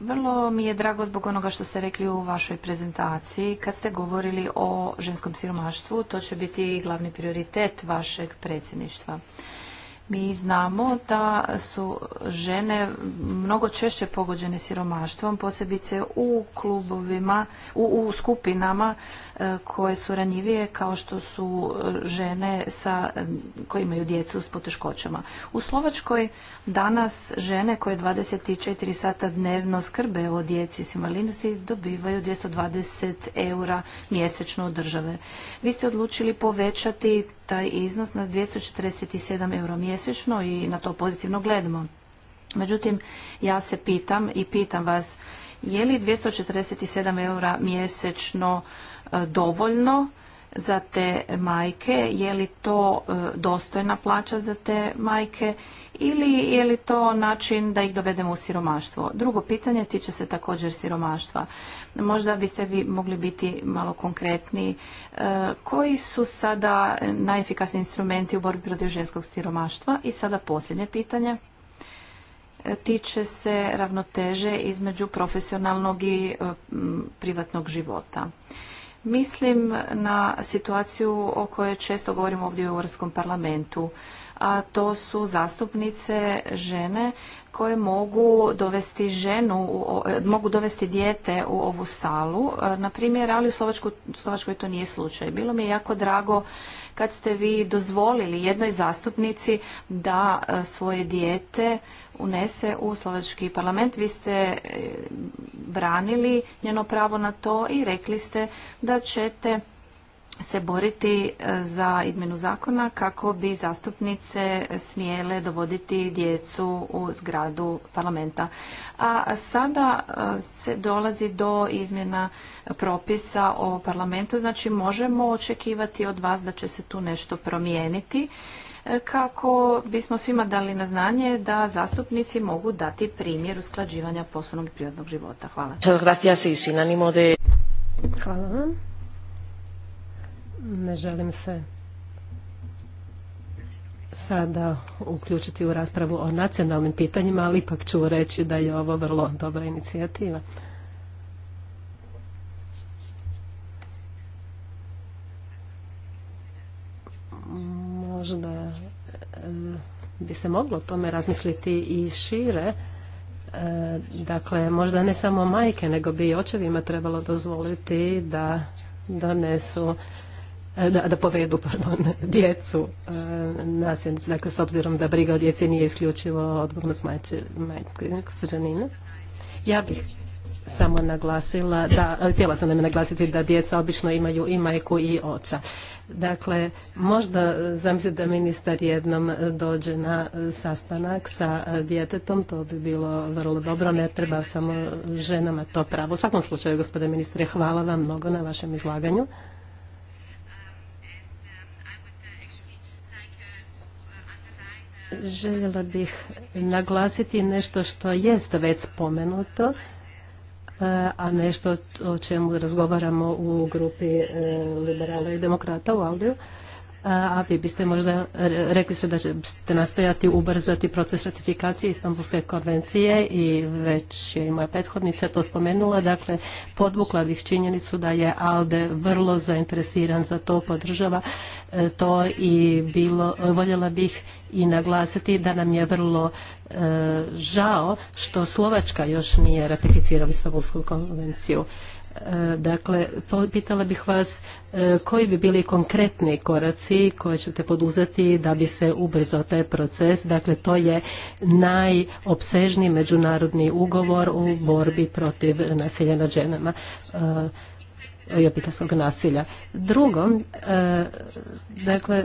Vrlo mi je drago zbog onoga što ste rekli u vašoj prezentaciji. Kad ste govorili o ženskom siromaštvu, to će biti glavni prioritet vašeg predsjedništva. Mi znamo da su žene mnogo češće pogođene siromaštvom, posebice u klubovima, u, skupinama e, koje su ranjivije kao što su žene sa, koje imaju djecu s poteškoćama. U Slovačkoj danas žene koje 24 sata dnevno skrbe o djeci s invalidnosti dobivaju 220 eura mjesečno od države. Vi ste odlučili povećati taj iznos na 247 eura mjesečno mjesečno i na to pozitivno gledamo. Međutim, ja se pitam i pitam vas, je li 247 eura mjesečno e, dovoljno za te majke, je li to e, dostojna plaća za te majke ili je li to način da ih dovedemo u siromaštvo? Drugo pitanje tiče se također siromaštva. Možda biste vi mogli biti malo konkretni e, Koji su sada najefikasni instrumenti u borbi protiv ženskog siromaštva? I sada posljednje pitanje e, tiče se ravnoteže između profesionalnog i privatnog života. Mislim na situaciju o kojoj često govorimo ovdje u Europskom parlamentu, a to su zastupnice žene koje mogu dovesti ženu, e, mogu dovesti dijete u ovu salu, e, na primjer, ali u Slovačkoj, to nije slučaj. Bilo mi je jako drago kad ste vi dozvolili jednoj zastupnici da e, svoje dijete unese u slovački parlament. Vi ste e, branili njeno pravo na to i rekli ste da ćete se boriti e, za izmenu zakona kako bi zastupnice smjele dovoditi djecu u zgradu parlamenta. A sada e, se dolazi do izmjena propisa o parlamentu, znači možemo očekivati od vas da će se tu nešto promijeniti E, kako bismo svima dali na znanje da zastupnici mogu dati primjer usklađivanja poslovnog i privatnog života. Hvala. Hvala vam. Ne želim se sada uključiti u raspravu o nacionalnim pitanjima, ali ipak ću reći da je ovo vrlo dobra inicijativa. Možda bi se moglo o tome razmisliti i šire. E, dakle, možda ne samo majke, nego bi i očevima trebalo dozvoliti da donesu e, da, povedu pardon, djecu e, dakle s obzirom da briga o djeci nije isključivo odgovornost majke, gospođa Ja bih samo naglasila, da, htjela sam da naglasiti da djeca obično imaju i majku i oca. Dakle, možda e, zamislite da ministar jednom e, dođe na e, sastanak sa djetetom, to bi bilo vrlo dobro, ne treba samo ženama to pravo. U svakom slučaju, gospodine ministre, hvala vam mnogo na vašem izlaganju. Željela bih naglasiti nešto što jest već spomenuto, E, a nešto o čemu razgovaramo u grupi e, liberala i demokrata u Aldiju a vi biste možda rekli ste da ćete nastojati ubrzati proces ratifikacije Istanbulske konvencije i već je i moja prethodnica to spomenula, dakle podvukla bih činjenicu da je ALDE vrlo zainteresiran za to, podržava e, to i bilo, voljela bih i naglasiti da nam je vrlo e, žao što Slovačka još nije ratificirala Istanbulsku konvenciju. E, dakle, pitala bih vas e, koji bi bili konkretni koraci koje ćete poduzeti da bi se ubrzao taj proces. Dakle, to je najopsežniji međunarodni ugovor u borbi protiv nasilja nad ženama. E, i obiteljskog nasilja. Drugo, e, dakle, e,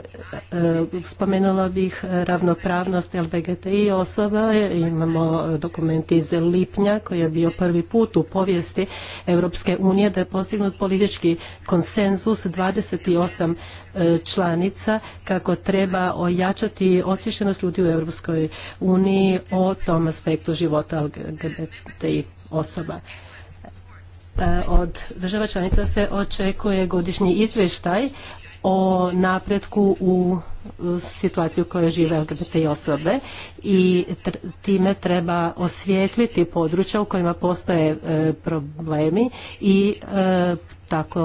spomenula bih ravnopravnost LBGTI osoba. E, imamo dokument iz lipnja koji je bio prvi put u povijesti Europske unije da je postignut politički konsenzus 28 članica kako treba ojačati osvještenost ljudi u Europskoj uniji o tom aspektu života LGBTI osoba. E, od država članica se očekuje godišnji izvještaj o napretku u situaciju u kojoj žive LGBT osobe i time treba osvijetliti područja u kojima postoje e, problemi i e, tako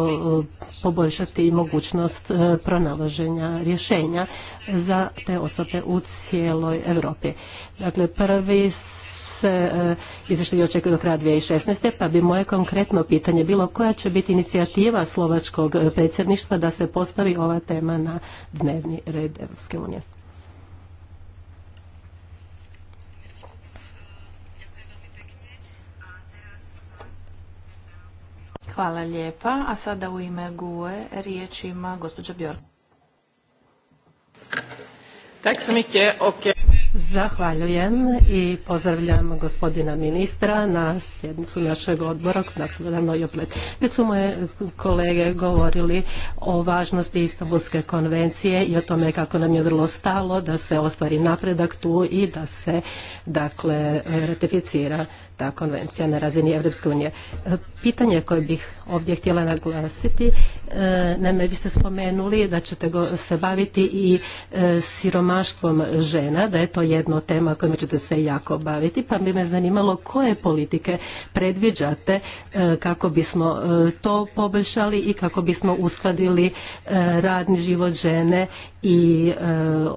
poboljšati mogućnost pronalaženja rješenja za te osobe u cijeloj Europi. Dakle, prvi se e, izvještaj očekuje do kraja 2016. pa bi moje konkretno pitanje bilo koja će biti inicijativa slovačkog e, predsjedništva da se postavi ova tema na dnevni red Europske unije. Hvala lijepa. A sada u ime GUE riječ ima gospođa Bjork. Zahvaljujem i pozdravljam gospodina ministra na sjednicu našeg odbora, dakle da Već su moje kolege govorili o važnosti Istanbulske konvencije i o tome kako nam je vrlo stalo da se ostvari napredak tu i da se dakle ratificira ta konvencija na razini Europske unije. E, pitanje koje bih ovdje htjela naglasiti, e, naime vi ste spomenuli da ćete se baviti i e, siromaštvom žena, da je to jedno tema kojima ćete se jako baviti, pa bi me zanimalo koje politike predviđate kako bismo to poboljšali i kako bismo uskladili radni život žene i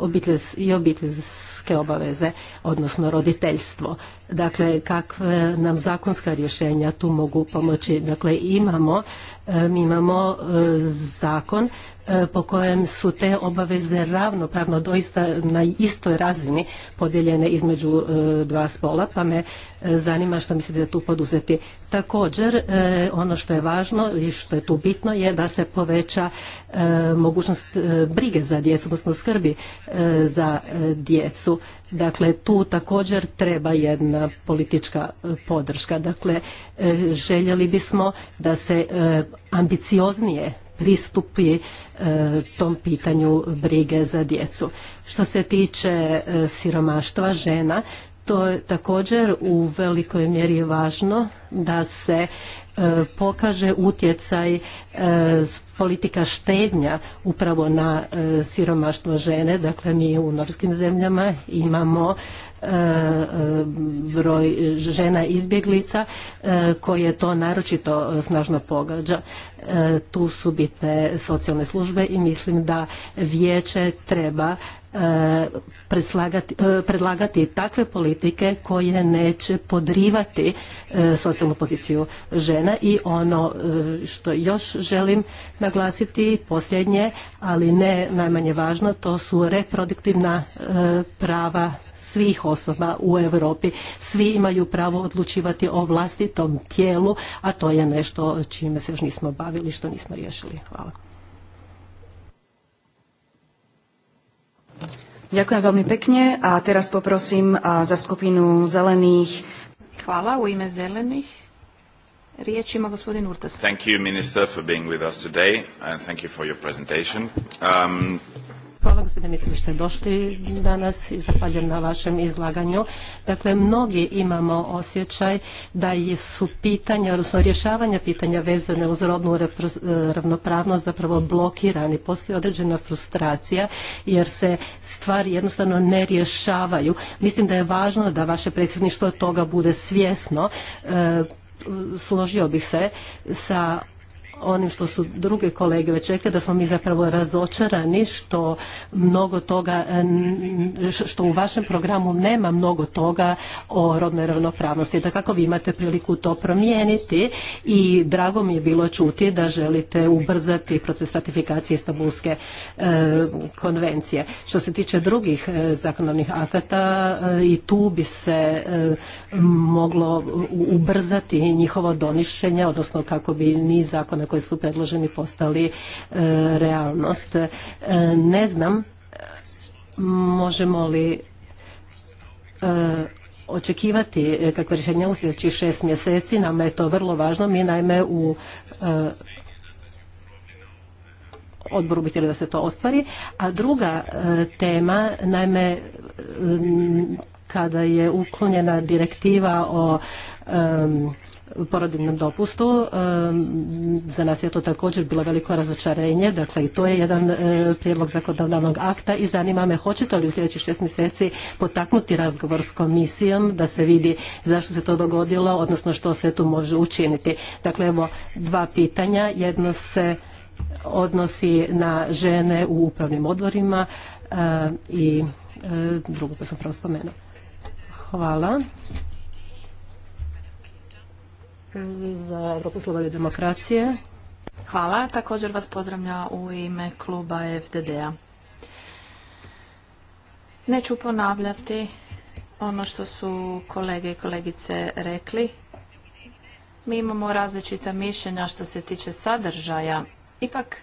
obitelj i obiteljski obaveze, odnosno roditeljstvo. Dakle, kakve nam zakonska rješenja tu mogu pomoći? Dakle, imamo, mi imamo e, zakon E, po kojem su te obaveze ravnopravno doista na istoj razini podijeljene između e, dva spola, pa me e, zanima što mislite da tu poduzeti. Također, ono što je važno i što je tu bitno je da se poveća mogućnost brige za djecu, odnosno skrbi za djecu. Dakle, tu također treba jedna politička podrška. Dakle, željeli bismo da se ambicioznije pristupi e, tom pitanju brige za djecu. Što se tiče e, siromaštva žena, to je također u velikoj mjeri važno da se pokaže utjecaj e, politika štednja upravo na e, siromaštvo žene. Dakle, mi u norskim zemljama imamo e, broj žena izbjeglica koje to naročito snažno pogađa. Tu su bitne socijalne službe i mislim da vijeće treba E, predlagati takve politike koje neće podrivati e, socijalnu poziciju žena i ono e, što još želim naglasiti posljednje, ali ne najmanje važno, to su reproduktivna prava svih osoba u Europi. Svi imaju pravo odlučivati o vlastitom tijelu, a to je nešto čime se još nismo bavili, što nismo riješili. Hvala. Ďakujem veľmi pekne a teraz poprosím za skupinu zelených. Hvala u ime zelenih. Riječ ima gospodin Urtas. Thank you minister for being with us today and thank you for your presentation. Um, Hvala gospodine Micel što ste došli danas i zahvaljujem na vašem izlaganju. Dakle, mnogi imamo osjećaj da su pitanja, odnosno rješavanja pitanja vezane uz rodnu ravnopravnost zapravo blokirani. Postoji određena frustracija jer se stvari jednostavno ne rješavaju. Mislim da je važno da vaše predsjedništvo toga bude svjesno. E, složio bih se sa onim što su druge kolege već rekli da smo mi zapravo razočarani što mnogo toga što u vašem programu nema mnogo toga o rodnoj ravnopravnosti da kako vi imate priliku to promijeniti i drago mi je bilo čuti da želite ubrzati proces ratifikacije Istanbulske e, konvencije. Što se tiče drugih e, zakonodavnih akata e, i tu bi se e, moglo ubrzati njihovo donošenje odnosno kako bi niz zakona koji su predloženi postali e, realnost. E, ne znam možemo li e, očekivati kakve rješenja u sljedećih šest mjeseci. Nama je to vrlo važno. Mi naime u odboru bi htjeli da se to ostvari. A druga tema, naime, kada je uklonjena direktiva o porodiljnom dopustu. Za nas je to također bilo veliko razočarenje, dakle i to je jedan e, prijedlog zakonodavnog akta i zanima me hoćete li u sljedećih šest mjeseci potaknuti razgovor s komisijom da se vidi zašto se to dogodilo, odnosno što se tu može učiniti. Dakle, evo dva pitanja. Jedno se odnosi na žene u upravnim odborima e, i e, drugo koje sam Hvala za Europu slobode demokracije. Hvala. Također vas pozdravlja u ime kluba FDD-a. Neću ponavljati ono što su kolege i kolegice rekli. Mi imamo različita mišljenja što se tiče sadržaja. Ipak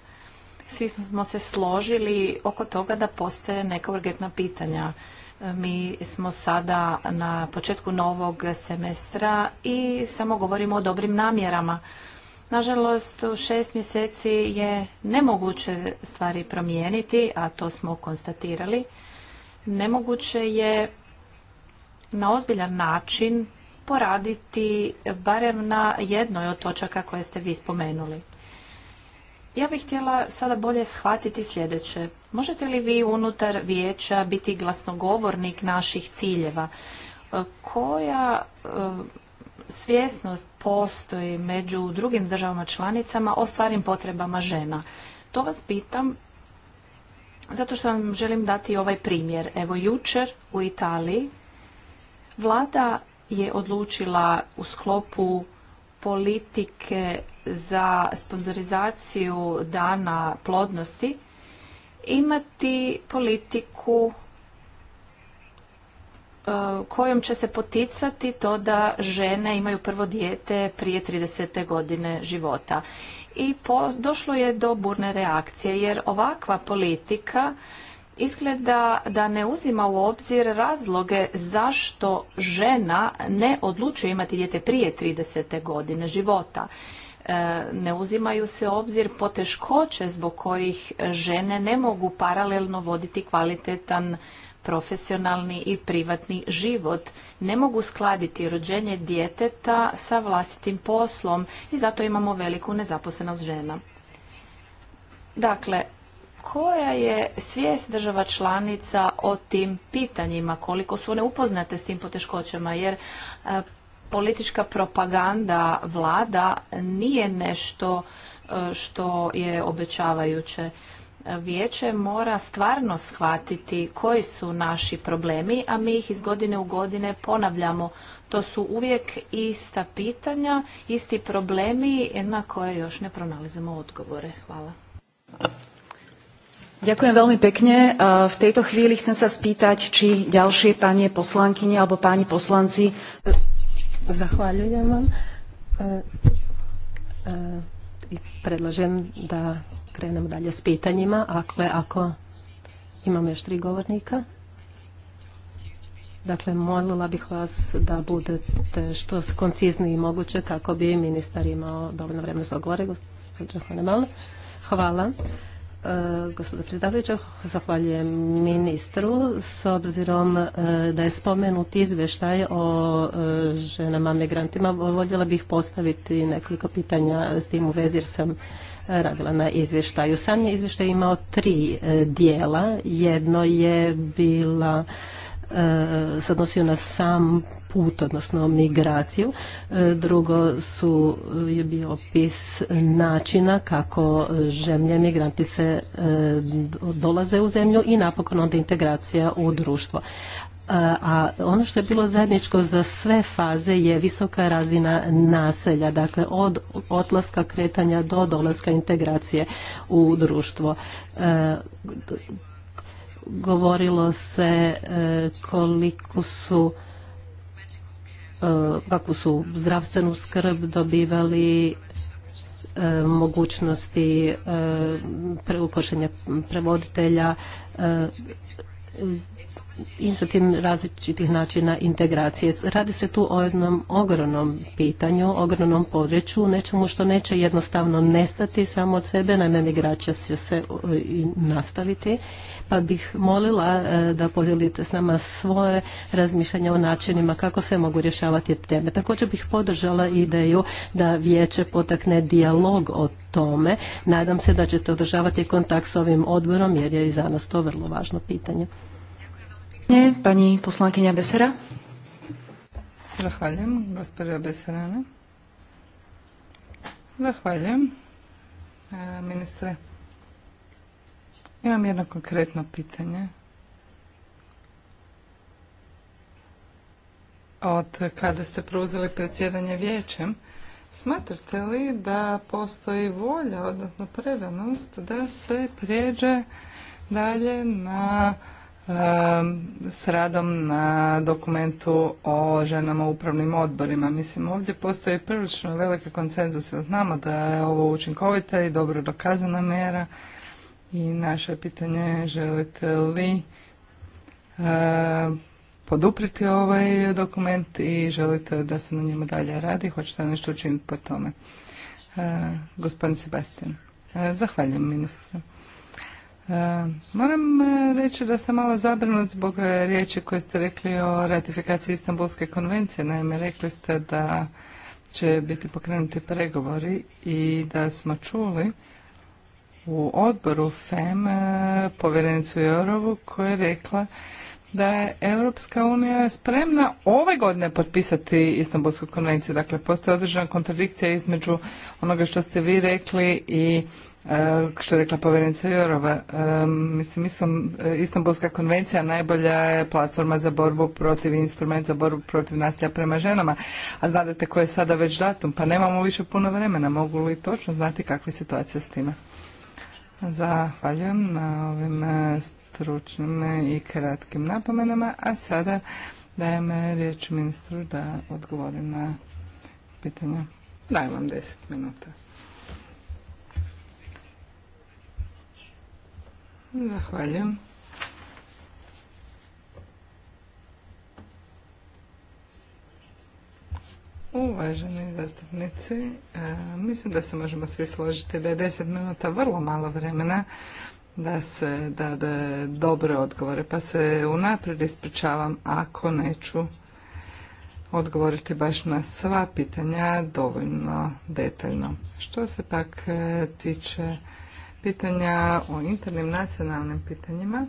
svi smo se složili oko toga da postoje neka urgentna pitanja mi smo sada na početku novog semestra i samo govorimo o dobrim namjerama. Nažalost, u šest mjeseci je nemoguće stvari promijeniti, a to smo konstatirali. Nemoguće je na ozbiljan način poraditi barem na jednoj od točaka koje ste vi spomenuli. Ja bih htjela sada bolje shvatiti sljedeće. Možete li vi unutar vijeća biti glasnogovornik naših ciljeva? E, koja e, svjesnost postoji među drugim državama članicama o stvarnim potrebama žena? To vas pitam zato što vam želim dati ovaj primjer. Evo, jučer u Italiji vlada je odlučila u sklopu politike za sponzorizaciju dana plodnosti imati politiku e, kojom će se poticati to da žene imaju prvo dijete prije 30. godine života. I došlo je do burne reakcije jer ovakva politika izgleda da ne uzima u obzir razloge zašto žena ne odlučuje imati dijete prije 30. godine života. E, ne uzimaju se u obzir poteškoće zbog kojih žene ne mogu paralelno voditi kvalitetan profesionalni i privatni život. Ne mogu skladiti rođenje djeteta sa vlastitim poslom i zato imamo veliku nezaposlenost žena. Dakle, koja je svijest država članica o tim pitanjima, koliko su one upoznate s tim poteškoćama, jer e, politička propaganda vlada nije nešto e, što je obećavajuće. Vijeće mora stvarno shvatiti koji su naši problemi, a mi ih iz godine u godine ponavljamo. To su uvijek ista pitanja, isti problemi na koje još ne pronalazimo odgovore. Hvala. Ďakujem veľmi pekne. E, v tejto chvíli chcem sa spýtať, či ďalšie panie poslankyne alebo páni poslanci... Zahvaljujem vam. E, e, i predlažem da krenemo dalje s pitanjima. Dakle, ako imamo još tri govornika. Dakle, molila bih vas da budete što koncizniji moguće kako bi ministar imao dovoljno vremena za odgovore. Hvala. E, gospodine predsjedavajuća, zahvaljujem ministru. S obzirom e, da je spomenut izvještaj o e, ženama migrantima, voljela bih postaviti nekoliko pitanja s tim u vezi jer sam radila na izvještaju. Sam je izvještaj imao tri dijela. Jedno je bila E, se odnosio na sam put, odnosno migraciju. E, drugo su, je bio opis načina kako žemlje migrantice e, dolaze u zemlju i napokon onda integracija u društvo. A ono što je bilo zajedničko za sve faze je visoka razina naselja, dakle od odlaska kretanja do dolaska integracije u društvo govorilo se e, koliko su e, kakvu su zdravstvenu skrb dobivali e, mogućnosti preukošenja prevoditelja i tim različitih načina integracije. Radi se tu o jednom ogromnom pitanju, ogromnom području, nečemu što neće jednostavno nestati samo od sebe, naime migracija će se nastaviti pa bih molila e, da podijelite s nama svoje razmišljanje o načinima kako se mogu rješavati teme. Također bih podržala ideju da vijeće potakne dijalog o tome. Nadam se da ćete održavati kontakt s ovim odborom jer je i za nas to vrlo važno pitanje. Pani poslankinja Besera. Zahvaljujem, gospođa Beserana. Zahvaljujem, e, ministre. Imam jedno konkretno pitanje. Od kada ste preuzeli predsjedanje vijećem, smatrate li da postoji volja, odnosno predanost, da se prijeđe dalje na s radom na dokumentu o ženama u upravnim odborima. Mislim, ovdje postoji prilično veliki konsenzus, od nama da je ovo učinkovita i dobro dokazana mjera i naše pitanje je želite li e, poduprijeti ovaj dokument i želite da se na njemu dalje radi, hoćete nešto učiniti po tome. E, gospodin Sebastian, e, zahvaljujem ministru. E, moram reći da sam malo zabrinut zbog riječi koje ste rekli o ratifikaciji Istanbulske konvencije. Naime, rekli ste da će biti pokrenuti pregovori i da smo čuli u odboru FEM e, povjerenicu Jorovu koja je rekla da je Europska unija spremna ove godine potpisati Istanbulsku konvenciju. Dakle, postoje određena kontradikcija između onoga što ste vi rekli i e, što je rekla povjerenica Jorova. E, mislim, Istanbulska konvencija najbolja je platforma za borbu protiv, instrument za borbu protiv nasilja prema ženama. A znate koji je sada već datum, pa nemamo više puno vremena. Mogu li točno znati kakva je situacija s time? Zahvaljujem na ovim e, stručnim i kratkim napomenama, a sada dajem e, riječ ministru da odgovori na pitanja. Dajem vam deset minuta. Zahvaljujem. Uvaženi zastupnici, e, mislim da se možemo svi složiti da je deset minuta vrlo malo vremena da se dade dobre odgovore, pa se unaprijed ispričavam ako neću odgovoriti baš na sva pitanja dovoljno detaljno. Što se pak e, tiče pitanja o internim nacionalnim pitanjima,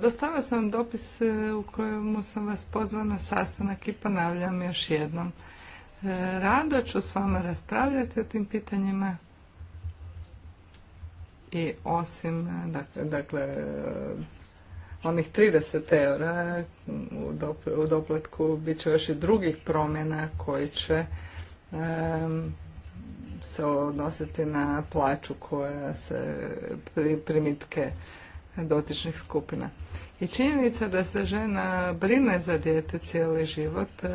Dostala sam dopis e, u kojemu sam vas pozvala na sastanak i ponavljam još jednom. E, rado ću s vama raspravljati o tim pitanjima i osim e, dakle, dakle onih 30 eura u doplatku bit će još i drugih promjena koji će se odnositi na plaću koja se primitke dotičnih skupina. I činjenica da se žena brine za dijete cijeli život, e,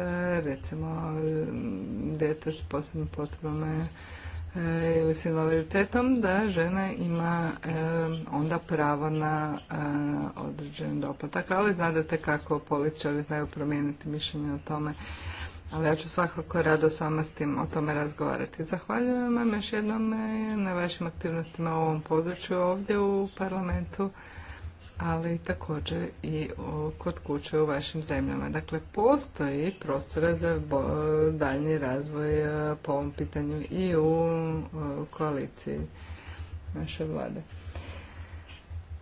recimo dijete s posebnim potrebama e, ili s invaliditetom, da žena ima e, onda pravo na određen doplatak, ali znate kako političari znaju promijeniti mišljenje o tome ali ja ću svakako rado s vama s tim o tome razgovarati. Zahvaljujem vam još jednom e, na vašim aktivnostima u ovom području ovdje u parlamentu, ali također i kod kuće u vašim zemljama. Dakle, postoji prostora za daljnji razvoj e, po ovom pitanju i u e, koaliciji naše vlade.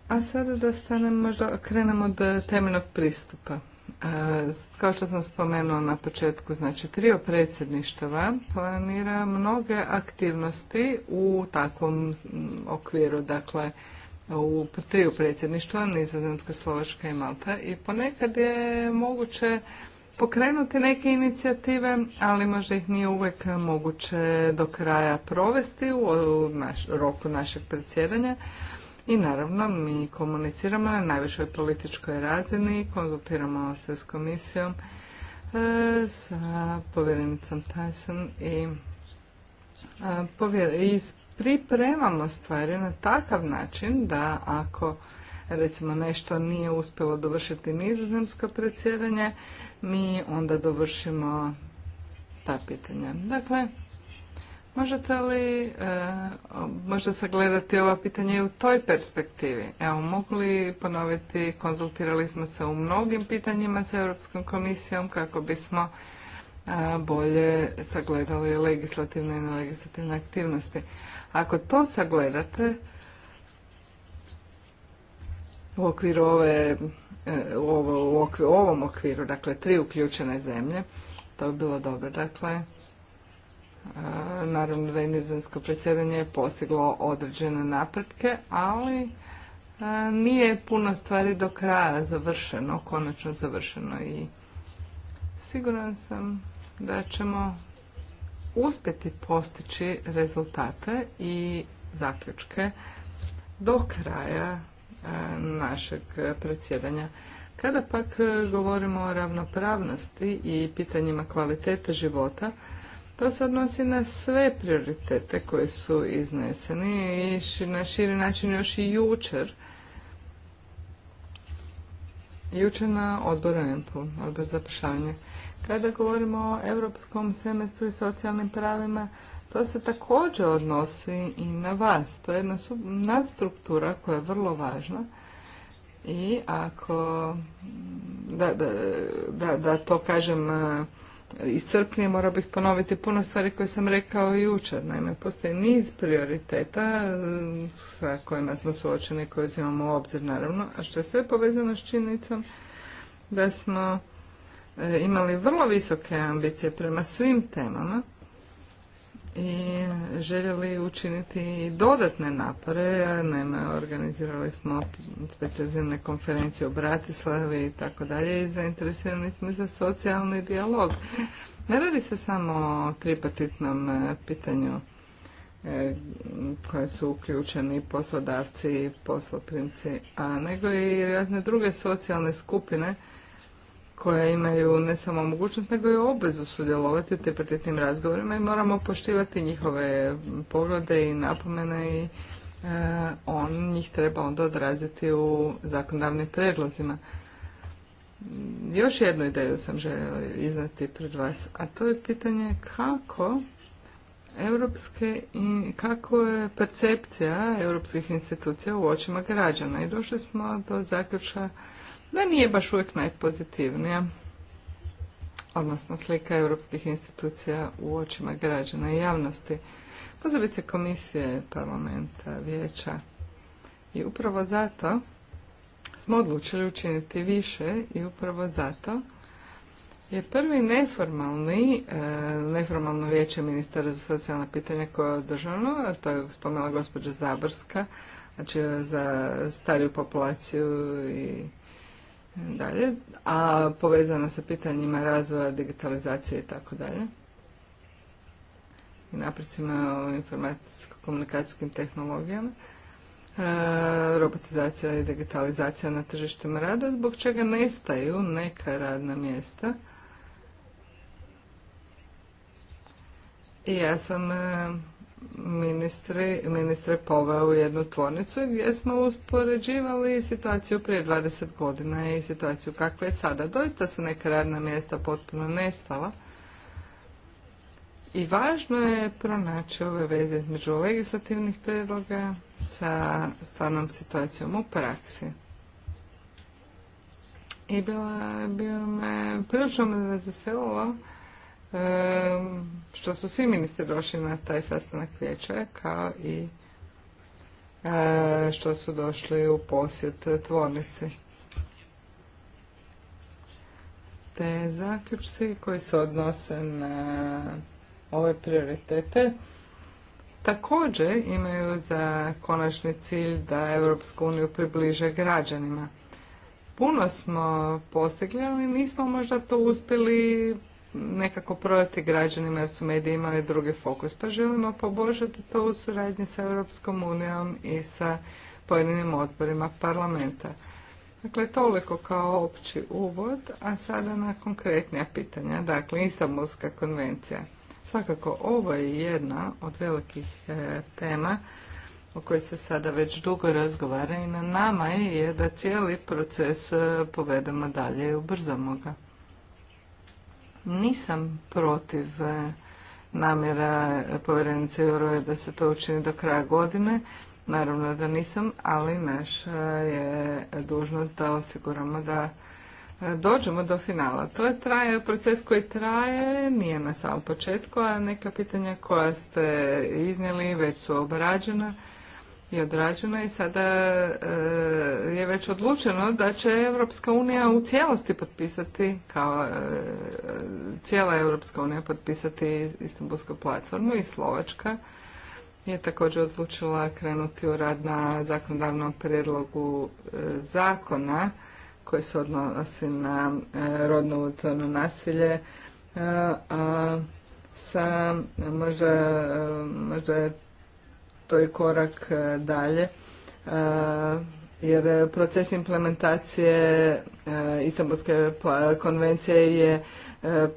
A sada da stanem, možda krenemo od temeljnog pristupa. E, kao što sam spomenula na početku, znači trio predsjedništava planira mnoge aktivnosti u takvom mm, okviru, dakle u triju predsjedništva, Nizozemska, Slovačka i Malta i ponekad je moguće pokrenuti neke inicijative, ali možda ih nije uvijek moguće do kraja provesti u, roku našeg predsjedanja. I naravno mi komuniciramo na najvišoj političkoj razini, konzultiramo se s komisijom, e, sa povjerenicom Tyson i, e, i pripremamo stvari na takav način da ako recimo nešto nije uspjelo dovršiti nizozemsko predsjedanje, mi onda dovršimo ta pitanja. Dakle, Možete li e, možda sagledati ova pitanja i u toj perspektivi? Evo, mogu li ponoviti, konzultirali smo se u mnogim pitanjima s Europskom komisijom kako bismo e, bolje sagledali legislativne i nelegislativne aktivnosti. Ako to sagledate u okviru ove, e, u ovom okviru, dakle tri uključene zemlje, to bi bilo dobro. Dakle, E, naravno da je nizozemsko predsjedanje postiglo određene napretke, ali e, nije puno stvari do kraja završeno, konačno završeno i siguran sam da ćemo uspjeti postići rezultate i zaključke do kraja e, našeg predsjedanja. Kada pak govorimo o ravnopravnosti i pitanjima kvalitete života, to se odnosi na sve prioritete koji su izneseni i na širi način još i jučer. Jučer na odboru EMPU, odbor za Kada govorimo o europskom semestru i socijalnim pravima, to se također odnosi i na vas. To je jedna nadstruktura koja je vrlo važna. I ako, da, da to kažem, iscrpnije, morao bih ponoviti puno stvari koje sam rekao i jučer. Naime, postoji niz prioriteta mm, sa kojima smo suočeni, koje uzimamo u obzir naravno, a što je sve povezano s činjenicom da smo e, imali vrlo visoke ambicije prema svim temama i željeli učiniti dodatne napore. Naime, organizirali smo specijalne konferencije u Bratislavi i tako dalje i zainteresirani smo za socijalni dijalog. Ne radi se samo o tripartitnom e, pitanju e, koje su uključeni poslodavci i posloprimci, a nego i razne druge socijalne skupine koje imaju ne samo mogućnost nego i obvezu sudjelovati u tripartitnim razgovorima i moramo poštivati njihove poglede i napomene i e, on njih treba onda odraziti u zakonodavnim predlozima. Još jednu ideju sam željela iznati pred vas, a to je pitanje kako europske i kako je percepcija europskih institucija u očima građana i došli smo do zaključka da nije baš uvijek najpozitivnija, odnosno slika europskih institucija u očima građana i javnosti, posebice komisije, parlamenta, vijeća. I upravo zato smo odlučili učiniti više i upravo zato je prvi neformalni, e, neformalno vijeće ministara za socijalna pitanja koje je održano, a to je spomenula gospođa Zabrska, znači za stariju populaciju i dalje, a povezano sa pitanjima razvoja, digitalizacije i tako dalje i napredcima o informacijsko-komunikacijskim tehnologijama, e, robotizacija i digitalizacija na tržištem rada, zbog čega nestaju neka radna mjesta. I ja sam e, ministre, ministre poveo u jednu tvornicu gdje smo uspoređivali situaciju prije 20 godina i situaciju kakva je sada. Doista su neka radna mjesta potpuno nestala. I važno je pronaći ove veze između legislativnih predloga sa stvarnom situacijom u praksi. I bila, bio me prilično me razveselilo što su svi ministri došli na taj sastanak vijeća kao i e, što su došli u posjet tvornici. Te zaključci koji se odnose na ove prioritete također imaju za konačni cilj da Europsku uniju približe građanima. Puno smo postigli, ali nismo možda to uspjeli nekako prodati građanima jer su mediji imali drugi fokus. Pa želimo poboljšati to u suradnji sa Europskom unijom i sa pojedinim odborima parlamenta. Dakle, toliko kao opći uvod, a sada na konkretnija pitanja. Dakle, Istanbulska konvencija. Svakako, ovo je jedna od velikih e, tema o kojoj se sada već dugo razgovara i na nama je da cijeli proces e, povedemo dalje i ubrzamo ga. Nisam protiv e, namjera povjerenice Jurove da se to učini do kraja godine. Naravno da nisam, ali naša je dužnost da osiguramo da e, dođemo do finala. To je traje, proces koji traje, nije na samom početku, a neka pitanja koja ste iznijeli već su obrađena i odrađena. i sada e, je već odlučeno da će Europska unija u cijelosti potpisati, kao e, cijela Europska unija potpisati Istanbulsku platformu i Slovačka je također odlučila krenuti u rad na zakonodavnom prijedlogu e, zakona koji se odnosi na rodno nasilje sa možda, možda je to je korak e, dalje e, jer proces implementacije e, Istanbulske konvencije je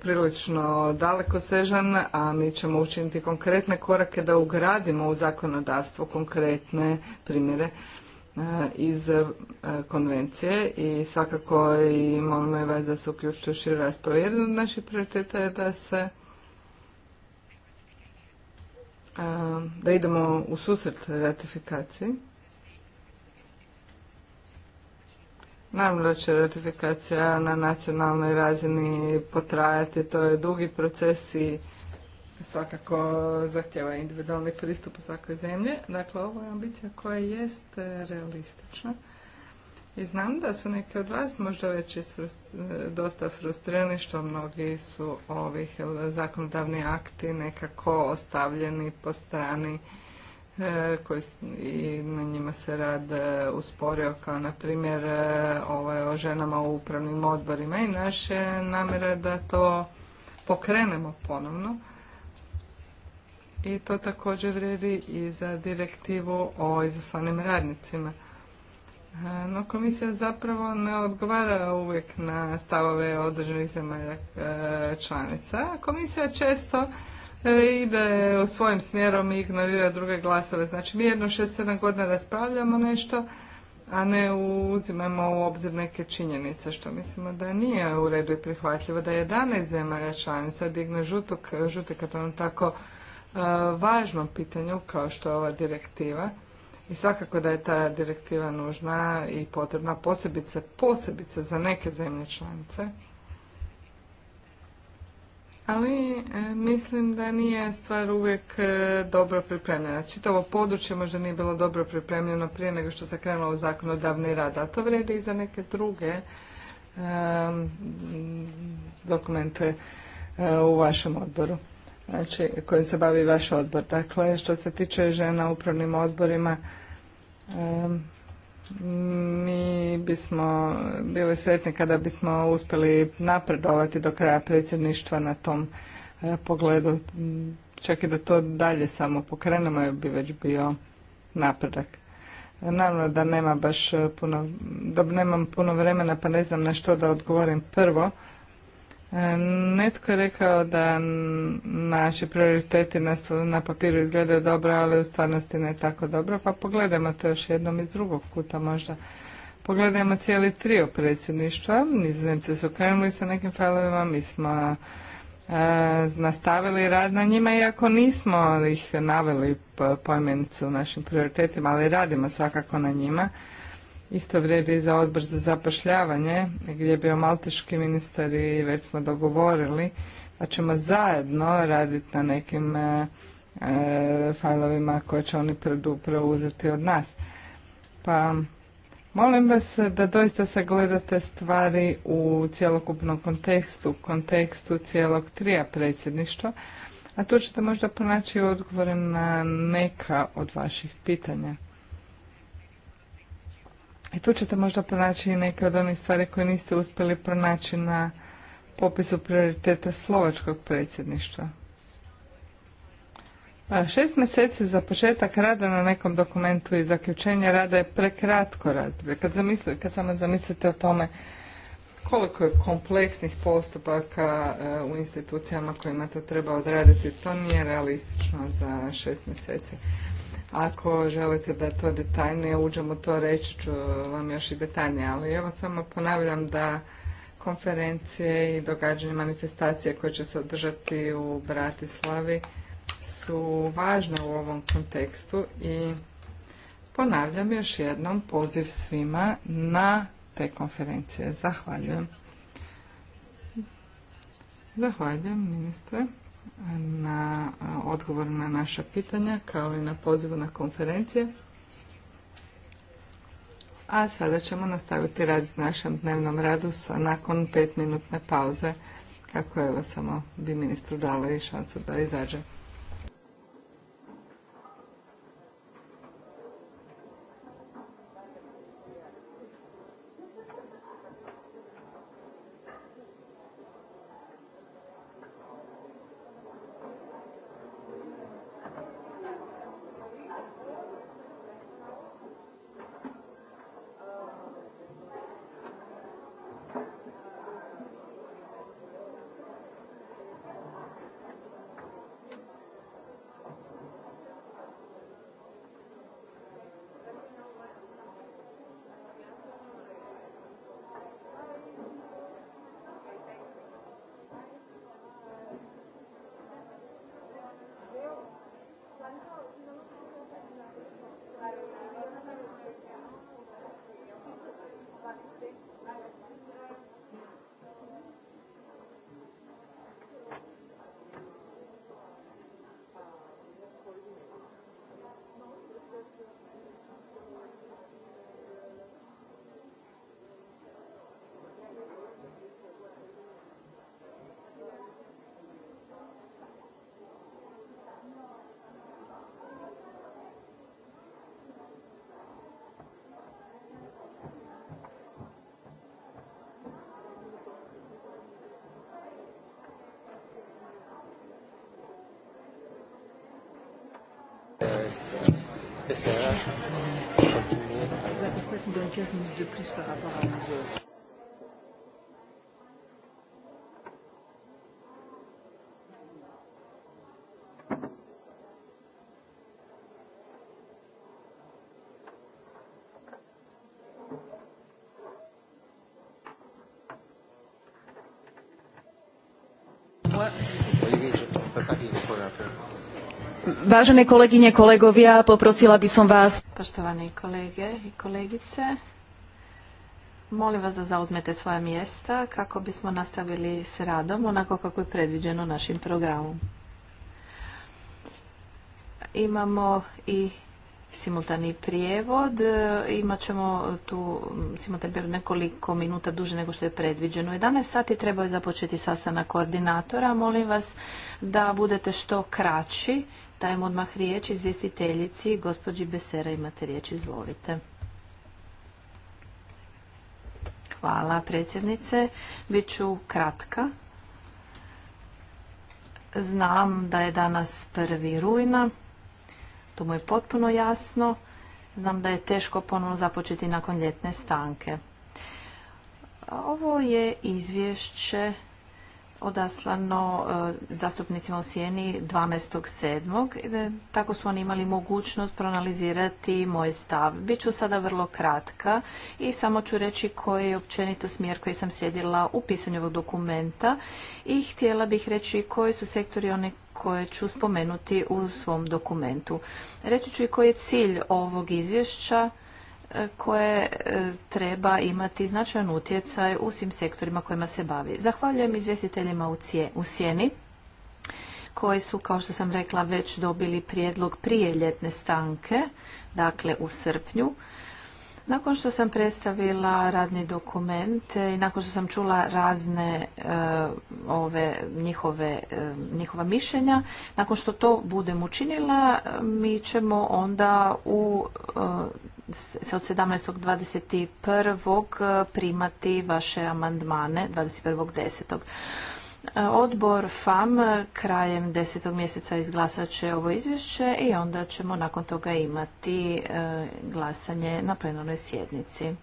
prilično daleko sežan, a mi ćemo učiniti konkretne korake da ugradimo u zakonodavstvo konkretne primjere iz konvencije i svakako i vas da se uključite u širu raspravu. Jedan od naših prioriteta je da se da idemo u susret ratifikaciji. Naravno da će ratifikacija na nacionalnoj razini potrajati, to je dugi proces i svakako zahtjeva individualni pristup u svakoj zemlji. Dakle, ovo je ambicija koja jest realistična. I znam da su neki od vas možda već dosta frustrirani što mnogi su ovih zakonodavni akti nekako ostavljeni po strani e, koji i na njima se rad e, usporio kao na primjer je ovaj, o ženama u upravnim odborima i naše namjera da to pokrenemo ponovno. I to također vrijedi i za direktivu o izaslanim radnicima. No komisija zapravo ne odgovara uvijek na stavove određenih zemalja e, članica. Komisija često e, ide u svojim smjerom i ignorira druge glasove. Znači mi jedno šest, sedam godina raspravljamo nešto, a ne uzimamo u obzir neke činjenice, što mislimo da nije u redu i prihvatljivo, da je 11 zemalja članica digne žutok, žuti tako e, važnom pitanju kao što je ova direktiva i svakako da je ta direktiva nužna i potrebna posebice, posebice za neke zemlje članice. Ali e, mislim da nije stvar uvijek e, dobro pripremljena. Čitavo područje možda nije bilo dobro pripremljeno prije nego što se krenulo u zakonodavni rad, a to vrijedi i za neke druge e, dokumente u vašem odboru znači kojim se bavi vaš odbor. Dakle, što se tiče žena u upravnim odborima, mi bismo bili sretni kada bismo uspjeli napredovati do kraja predsjedništva na tom e, pogledu. Čak i da to dalje samo pokrenemo bi već bio napredak. Naravno da nema baš e, puno, da nemam puno vremena pa ne znam na što da odgovorim prvo, Netko je rekao da naši prioriteti na, papiru izgledaju dobro, ali u stvarnosti ne tako dobro, pa pogledajmo to još jednom iz drugog kuta možda. Pogledajmo cijeli trio predsjedništva, nizozemci su krenuli sa nekim failovima, mi smo e, nastavili rad na njima, iako nismo ih naveli pojmenicu u našim prioritetima, ali radimo svakako na njima. Isto vrijedi i za odbor za zapošljavanje, gdje je bio malteški ministar i već smo dogovorili da ćemo zajedno raditi na nekim e, e fajlovima koje će oni preuzeti od nas. Pa molim vas da doista sagledate stvari u cjelokupnom kontekstu, kontekstu cijelog trija predsjedništva, a tu ćete možda pronaći odgovore na neka od vaših pitanja. I tu ćete možda pronaći i neke od onih stvari koje niste uspjeli pronaći na popisu prioriteta slovačkog predsjedništva. Šest mjeseci za početak rada na nekom dokumentu i zaključenje rada je prekratko Kad, zamisli, kad samo zamislite o tome koliko je kompleksnih postupaka e, u institucijama kojima to treba odraditi, to nije realistično za šest mjeseci. Ako želite da to detaljnije uđemo to reći ću vam još i detaljnije, ali evo samo ponavljam da konferencije i događanje manifestacije koje će se održati u Bratislavi su važne u ovom kontekstu i ponavljam još jednom poziv svima na te konferencije. Zahvaljujem. Zahvaljujem ministre na odgovor na naša pitanja kao i na pozivu na konferencije. A sada ćemo nastaviti raditi našem dnevnom radu sa, nakon petminutne pauze kako evo samo bi ministru i šansu da izađe. Sarah, continue. La peut 15 minutes de plus par rapport à 11 Vážené kolegyne, kolegovia, poprosila by som vás... Poštovani kolege i kolegice, molim vas da zauzmete svoja mjesta kako bismo nastavili s radom onako kako je predviđeno našim programom. Imamo i simultani prijevod. Imat ćemo tu mm, simultani prijevod nekoliko minuta duže nego što je predviđeno. U 11 sati trebao je započeti sastanak koordinatora. Molim vas da budete što kraći Dajem odmah riječ izvjestiteljici, gospođi Besera imate riječ, izvolite. Hvala predsjednice, bit ću kratka. Znam da je danas prvi rujna, to mu je potpuno jasno. Znam da je teško ponovno započeti nakon ljetne stanke. Ovo je izvješće odaslano e, zastupnicima u Sjeni 12.7. E, tako su oni imali mogućnost proanalizirati moj stav. Biću sada vrlo kratka i samo ću reći koji je općenito smjer koji sam sjedila u pisanju ovog dokumenta i htjela bih reći koji su sektori one koje ću spomenuti u svom dokumentu. Reći ću i koji je cilj ovog izvješća koje e, treba imati značajan utjecaj u svim sektorima kojima se bavi. Zahvaljujem izvjestiteljima u sjeni koji su, kao što sam rekla, već dobili prijedlog prije ljetne stanke, dakle u srpnju. Nakon što sam predstavila radni dokument i nakon što sam čula razne eh, ove njihove, eh, njihova mišljenja, nakon što to budem učinila, mi ćemo onda u eh, od 17.21. primati vaše amandmane 21.10. E, odbor FAM krajem desetog mjeseca izglasat će ovo izvješće i onda ćemo nakon toga imati e, glasanje na plenarnoj sjednici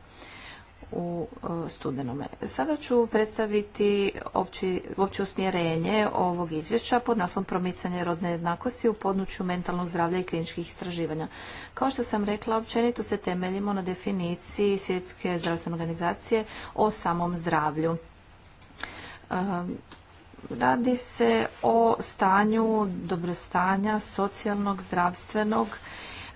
u e, studenome. Sada ću predstaviti opći, opće usmjerenje ovog izvješća pod naslom promicanje rodne jednakosti u području mentalnog zdravlja i kliničkih istraživanja. Kao što sam rekla, općenito se temeljimo na definiciji Svjetske zdravstvene organizacije o samom zdravlju. Radi se o stanju dobrostanja socijalnog, zdravstvenog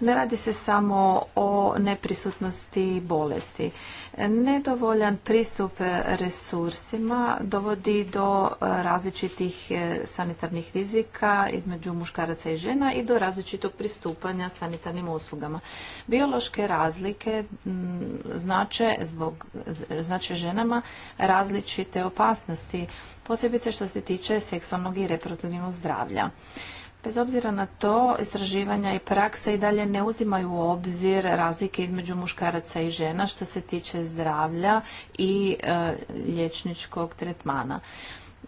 ne radi se samo o neprisutnosti bolesti. Nedovoljan pristup resursima dovodi do e, različitih e, sanitarnih rizika između muškaraca i žena i do različitog pristupanja sanitarnim uslugama. Biološke razlike znače, zbog, znače ženama različite opasnosti, posebice što se tiče seksualnog i reproduktivnog zdravlja. Bez obzira na to, istraživanja i praksa i dalje ne uzimaju u obzir razlike između muškaraca i žena što se tiče zdravlja i lječničkog liječničkog tretmana.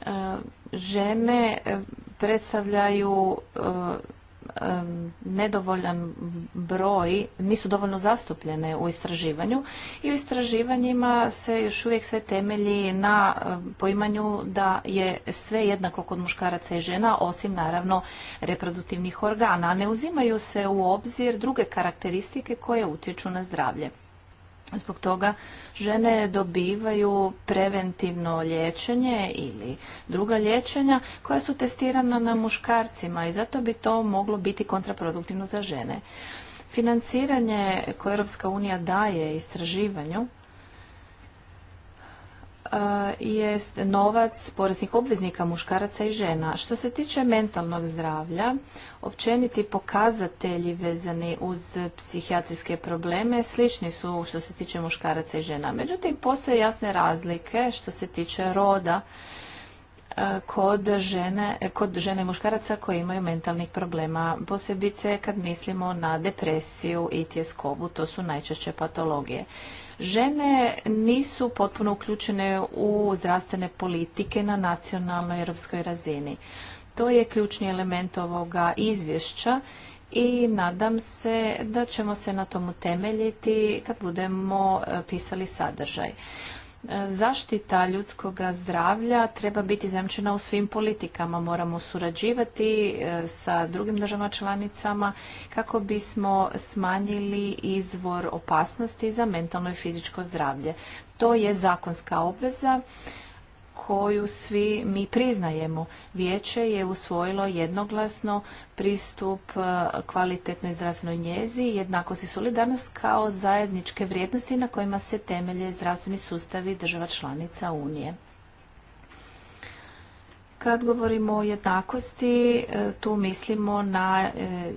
E, žene e, predstavljaju e, nedovoljan broj, nisu dovoljno zastupljene u istraživanju i u istraživanjima se još uvijek sve temelji na poimanju da je sve jednako kod muškaraca i žena, osim naravno reproduktivnih organa, a ne uzimaju se u obzir druge karakteristike koje utječu na zdravlje. Zbog toga žene dobivaju preventivno liječenje ili druga liječenja koja su testirana na muškarcima i zato bi to moglo biti kontraproduktivno za žene. Financiranje koje Europska unija daje istraživanju E, jest novac poreznih obveznika muškaraca i žena. Što se tiče mentalnog zdravlja, općeniti pokazatelji vezani uz psihijatrijske probleme slični su što se tiče muškaraca i žena. Međutim, postoje jasne razlike što se tiče roda e, kod žene, kod žene i muškaraca koji imaju mentalnih problema, posebice kad mislimo na depresiju i tjeskobu, to su najčešće patologije. Žene nisu potpuno uključene u zdravstvene politike na nacionalnoj europskoj razini. To je ključni element ovoga izvješća i nadam se da ćemo se na tomu temeljiti kad budemo e, pisali sadržaj zaštita ljudskog zdravlja treba biti zemčena u svim politikama. Moramo surađivati e, sa drugim državama članicama kako bismo smanjili izvor opasnosti za mentalno i fizičko zdravlje. To je zakonska obveza koju svi mi priznajemo. Vijeće je usvojilo jednoglasno pristup e, kvalitetnoj zdravstvenoj njezi, jednakost i solidarnost kao zajedničke vrijednosti na kojima se temelje zdravstveni sustavi država članica Unije. Kad govorimo o jednakosti, e, tu mislimo na e,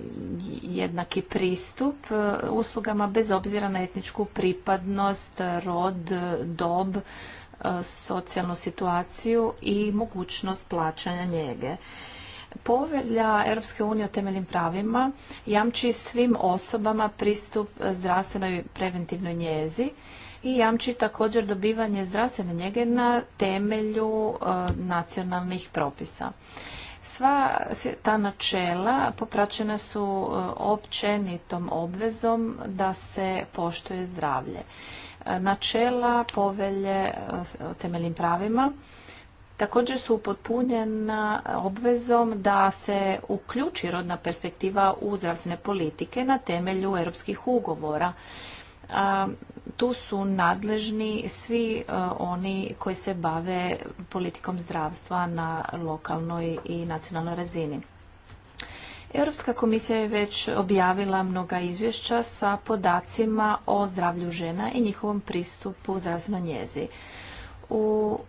jednaki pristup uslugama bez obzira na etničku pripadnost, rod, dob, E, socijalnu situaciju i mogućnost plaćanja njege. Povelja Europske unije o temeljnim pravima jamči svim osobama pristup zdravstvenoj preventivnoj njezi i jamči također dobivanje zdravstvene njege na temelju e, nacionalnih propisa. Sva ta načela popraćena su e, općenitom obvezom da se poštuje zdravlje načela povelje e, o temeljnim pravima također su upotpunjena obvezom da se uključi rodna perspektiva u zdravstvene politike na temelju europskih ugovora. tu su nadležni svi e, oni koji se bave politikom zdravstva na lokalnoj i nacionalnoj razini. Europska komisija je već objavila mnoga izvješća sa podacima o zdravlju žena i njihovom pristupu zdravstvenoj njezi. U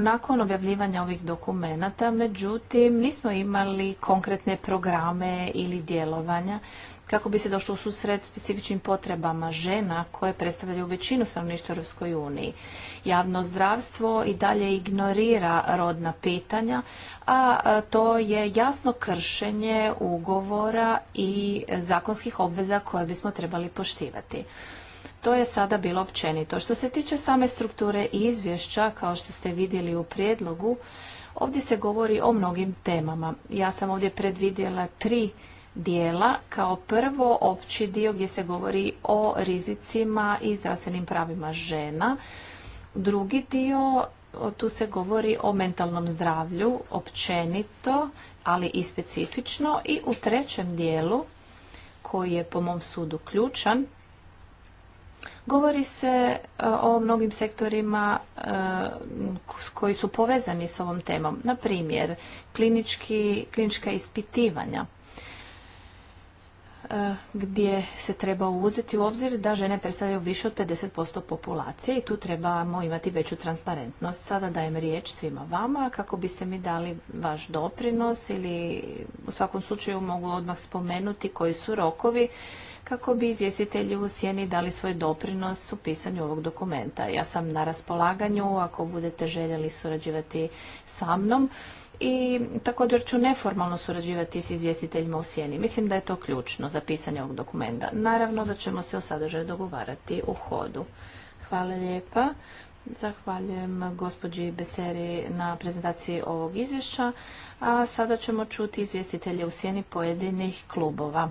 nakon objavljivanja ovih dokumenata, međutim nismo imali konkretne programe ili djelovanja kako bi se došlo u susret specifičnim potrebama žena koje predstavljaju većinu stanovništva Europskoj uniji. Javno zdravstvo i dalje ignorira rodna pitanja, a to je jasno kršenje ugovora i zakonskih obveza koje bismo trebali poštivati. To je sada bilo općenito. Što se tiče same strukture i izvješća, kao što ste vidjeli u prijedlogu, ovdje se govori o mnogim temama. Ja sam ovdje predvidjela tri dijela. Kao prvo, opći dio gdje se govori o rizicima i zdravstvenim pravima žena. Drugi dio, tu se govori o mentalnom zdravlju, općenito, ali i specifično. I u trećem dijelu, koji je po mom sudu ključan, Govori se e, o mnogim sektorima e, koji su povezani s ovom temom, na primjer klinička ispitivanja. E, gdje se treba uzeti u obzir da žene predstavljaju više od 50% populacije i tu trebamo imati veću transparentnost. Sada dajem riječ svima vama kako biste mi dali vaš doprinos ili u svakom slučaju mogu odmah spomenuti koji su rokovi kako bi izvjestitelji u sjeni dali svoj doprinos u pisanju ovog dokumenta. Ja sam na raspolaganju ako budete željeli surađivati sa mnom i također ću neformalno surađivati s izvjestiteljima u sjeni. Mislim da je to ključno za pisanje ovog dokumenta. Naravno da ćemo se o sadržaju dogovarati u hodu. Hvala lijepa. Zahvaljujem gospođi Beseri na prezentaciji ovog izvješća, a sada ćemo čuti izvjestitelje u sjeni pojedinih klubova.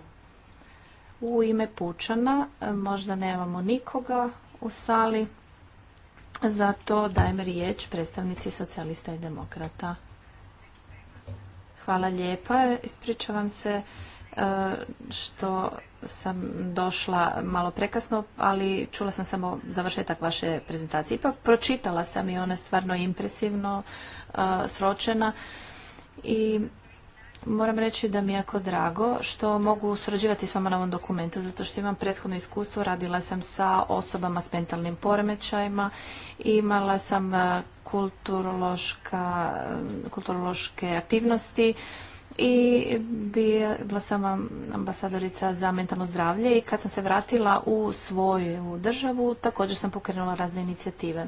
U ime Pučana možda nemamo nikoga u sali, zato dajem riječ predstavnici socijalista i demokrata. Hvala lijepa. Ispričavam se e, što sam došla malo prekasno, ali čula sam samo završetak vaše prezentacije. Ipak pročitala sam i ona je stvarno impresivno e, sročena i Moram reći da mi je jako drago što mogu surađivati s vama na ovom dokumentu, zato što imam prethodno iskustvo, radila sam sa osobama s mentalnim poremećajima, imala sam e, e, kulturološke aktivnosti, i bila sam ambasadorica za mentalno zdravlje i kad sam se vratila u svoju državu također sam pokrenula razne inicijative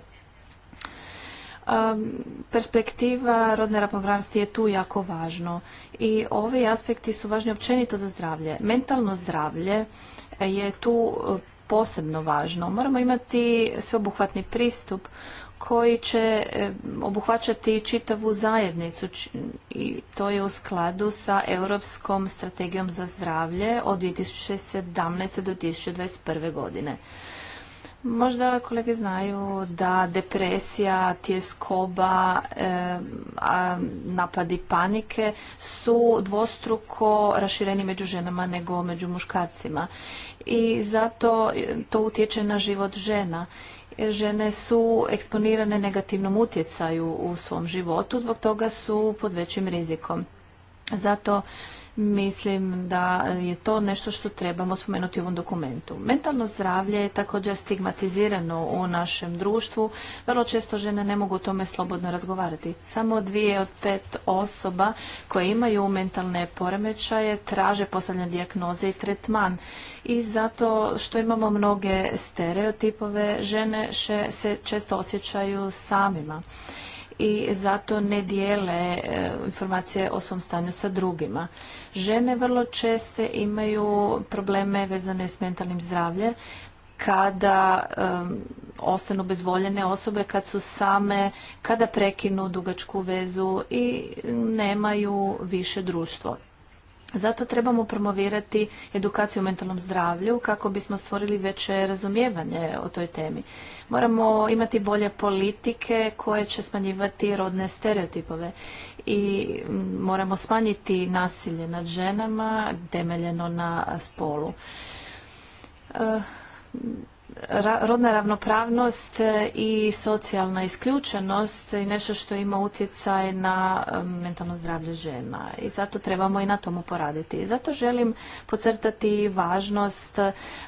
perspektiva rodne ravnopravnosti je tu jako važno i ovi aspekti su važni općenito za zdravlje. Mentalno zdravlje je tu e, posebno važno. Moramo imati sveobuhvatni pristup koji će e, obuhvaćati čitavu zajednicu i to je u skladu sa Europskom strategijom za zdravlje od 2017. do 2021. godine. Možda kolege znaju da depresija, tjeskoba, napadi panike su dvostruko rašireni među ženama nego među muškarcima. I zato to utječe na život žena. Žene su eksponirane negativnom utjecaju u svom životu, zbog toga su pod većim rizikom. Zato mislim da je to nešto što trebamo spomenuti u ovom dokumentu. Mentalno zdravlje je također stigmatizirano u našem društvu. Vrlo često žene ne mogu o tome slobodno razgovarati. Samo dvije od pet osoba koje imaju mentalne poremećaje traže postavljanje dijagnoze i tretman. I zato što imamo mnoge stereotipove, žene se često osjećaju samima i zato ne dijele e, informacije o svom stanju sa drugima. Žene vrlo česte imaju probleme vezane s mentalnim zdravljem kada ostanu bezvoljene osobe, kad su same, kada prekinu dugačku vezu i nemaju više društvo. Zato trebamo promovirati edukaciju o mentalnom zdravlju kako bismo stvorili veće razumijevanje o toj temi. Moramo imati bolje politike koje će smanjivati rodne stereotipove i moramo smanjiti nasilje nad ženama temeljeno na spolu. E, rodna ravnopravnost e, i socijalna isključenost i nešto što ima utjecaj na e, mentalno zdravlje žena i zato trebamo i na tomu poraditi. I zato želim pocrtati važnost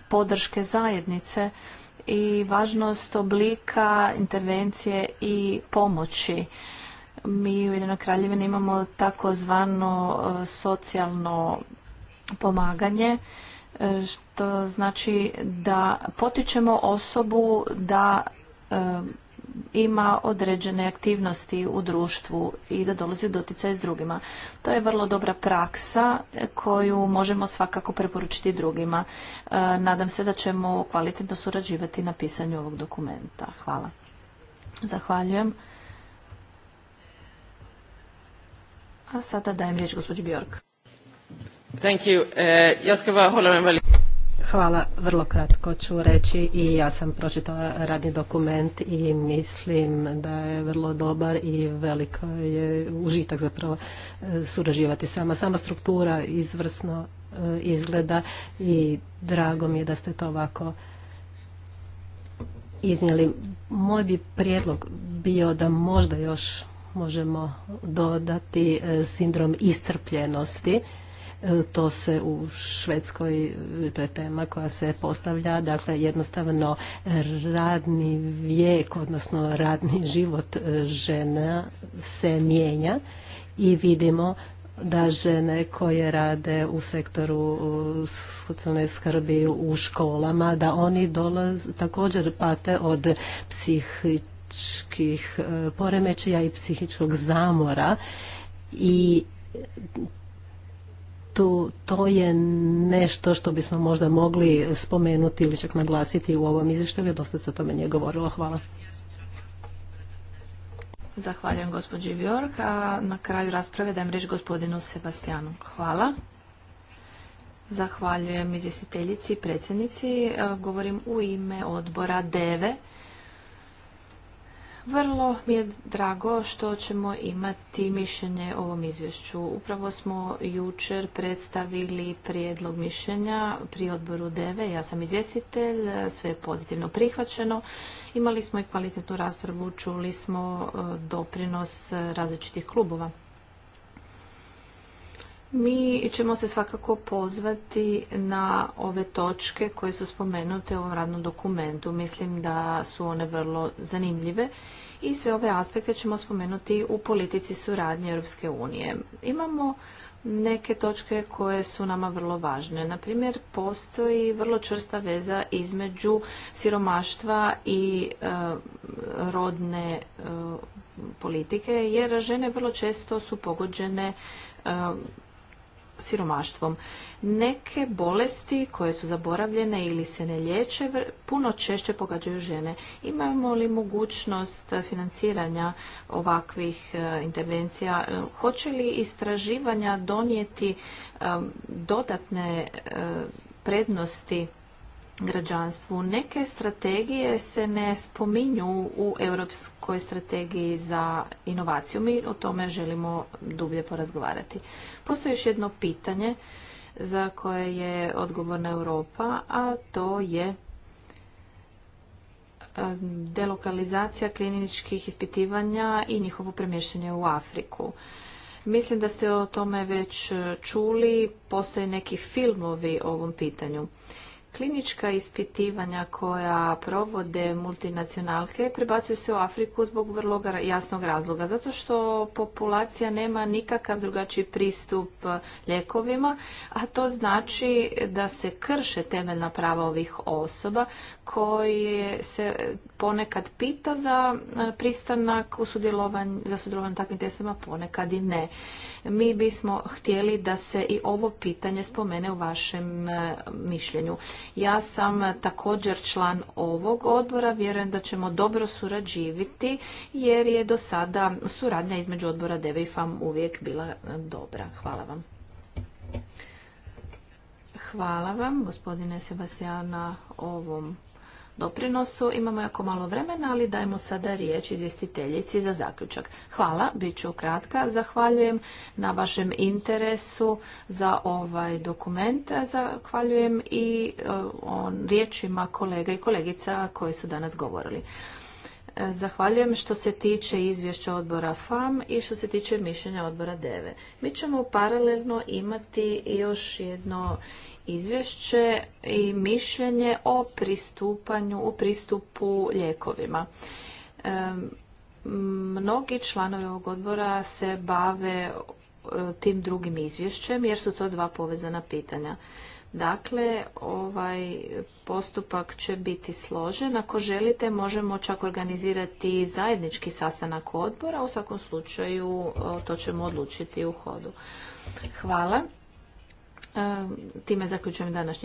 podrške zajednice i važnost oblika intervencije i pomoći. Mi u Jedinoj Kraljevini imamo takozvano e, socijalno pomaganje to znači da potičemo osobu da e, ima određene aktivnosti u društvu i da dolazi u doticaj s drugima. To je vrlo dobra praksa koju možemo svakako preporučiti drugima. E, nadam se da ćemo kvalitetno surađivati na pisanju ovog dokumenta. Hvala. Zahvaljujem. A sada dajem riječ gospođi Bjork. Thank you. E, ja Hvala. Vrlo kratko ću reći i ja sam pročitala radni dokument i mislim da je vrlo dobar i veliko je užitak zapravo e, surađivati s vama. Sama struktura izvrsno e, izgleda i drago mi je da ste to ovako iznijeli. Moj bi prijedlog bio da možda još možemo dodati e, sindrom istrpljenosti E, to se u Švedskoj, to je tema koja se postavlja, dakle jednostavno radni vijek, odnosno radni život e, žena se mijenja i vidimo da žene koje rade u sektoru socijalne skrbi u školama, da oni dolaze također pate od psihičkih e, poremećaja i psihičkog zamora i tu to je nešto što bismo možda mogli spomenuti ili čak naglasiti u ovom izvještaju, dosta se o tome nije govorilo. Hvala. Zahvaljujem gospođi Bjork, a na kraju rasprave dajem riječ gospodinu Sebastijanu. Hvala. Zahvaljujem izvjestiteljici i predsjednici. E, govorim u ime odbora DEVE vrlo mi je drago što ćemo imati mišljenje o ovom izvješću. Upravo smo jučer predstavili prijedlog mišljenja pri odboru DEVE. Ja sam izvjestitelj, sve je pozitivno prihvaćeno. Imali smo i kvalitetnu raspravu, čuli smo e, doprinos različitih klubova. Mi ćemo se svakako pozvati na ove točke koje su spomenute u ovom radnom dokumentu. Mislim da su one vrlo zanimljive i sve ove aspekte ćemo spomenuti u politici suradnje Europske unije. Imamo neke točke koje su nama vrlo važne. Na primjer, postoji vrlo čvrsta veza između siromaštva i e, rodne e, politike, jer žene vrlo često su pogođene e, siromaštvom. Neke bolesti koje su zaboravljene ili se ne liječe puno češće pogađaju žene. Imamo li mogućnost financiranja ovakvih e, intervencija? E, hoće li istraživanja donijeti e, dodatne prednosti građanstvu. Neke strategije se ne spominju u Europskoj strategiji za inovaciju. Mi o tome želimo dublje porazgovarati. Postoji još jedno pitanje za koje je odgovorna Europa, a to je e, delokalizacija kliničkih ispitivanja i njihovo premještanje u Afriku. Mislim da ste o tome već čuli, postoje neki filmovi o ovom pitanju. Klinička ispitivanja koja provode multinacionalke prebacuju se u Afriku zbog vrlo jasnog razloga, zato što populacija nema nikakav drugačiji pristup e, ljekovima, a to znači da se krše temeljna prava ovih osoba koje se ponekad pita za e, pristanak u sudjelovanju za sudjelovanje u takvim testovima, ponekad i ne. Mi bismo htjeli da se i ovo pitanje spomene u vašem e, mišljenju. Ja sam također član ovog odbora, vjerujem da ćemo dobro surađiviti jer je do sada suradnja između odbora DEVE i FAM uvijek bila dobra. Hvala vam. Hvala vam, gospodine Sebastijana, ovom doprinosu. Imamo jako malo vremena, ali dajmo sada riječ izvjestiteljici za zaključak. Hvala, bit ću kratka. Zahvaljujem na vašem interesu za ovaj dokument. Zahvaljujem i e, on, riječima kolega i kolegica koji su danas govorili. E, zahvaljujem što se tiče izvješća odbora FAM i što se tiče mišljenja odbora DEVE. Mi ćemo paralelno imati još jedno izvješće i mišljenje o pristupanju u pristupu lijekovima. Mnogi članovi ovog odbora se bave e, tim drugim izvješćem jer su to dva povezana pitanja. Dakle, ovaj postupak će biti složen. Ako želite, možemo čak organizirati zajednički sastanak odbora. U svakom slučaju, e, to ćemo odlučiti u hodu. Hvala. Ehm, time zaključujem današnji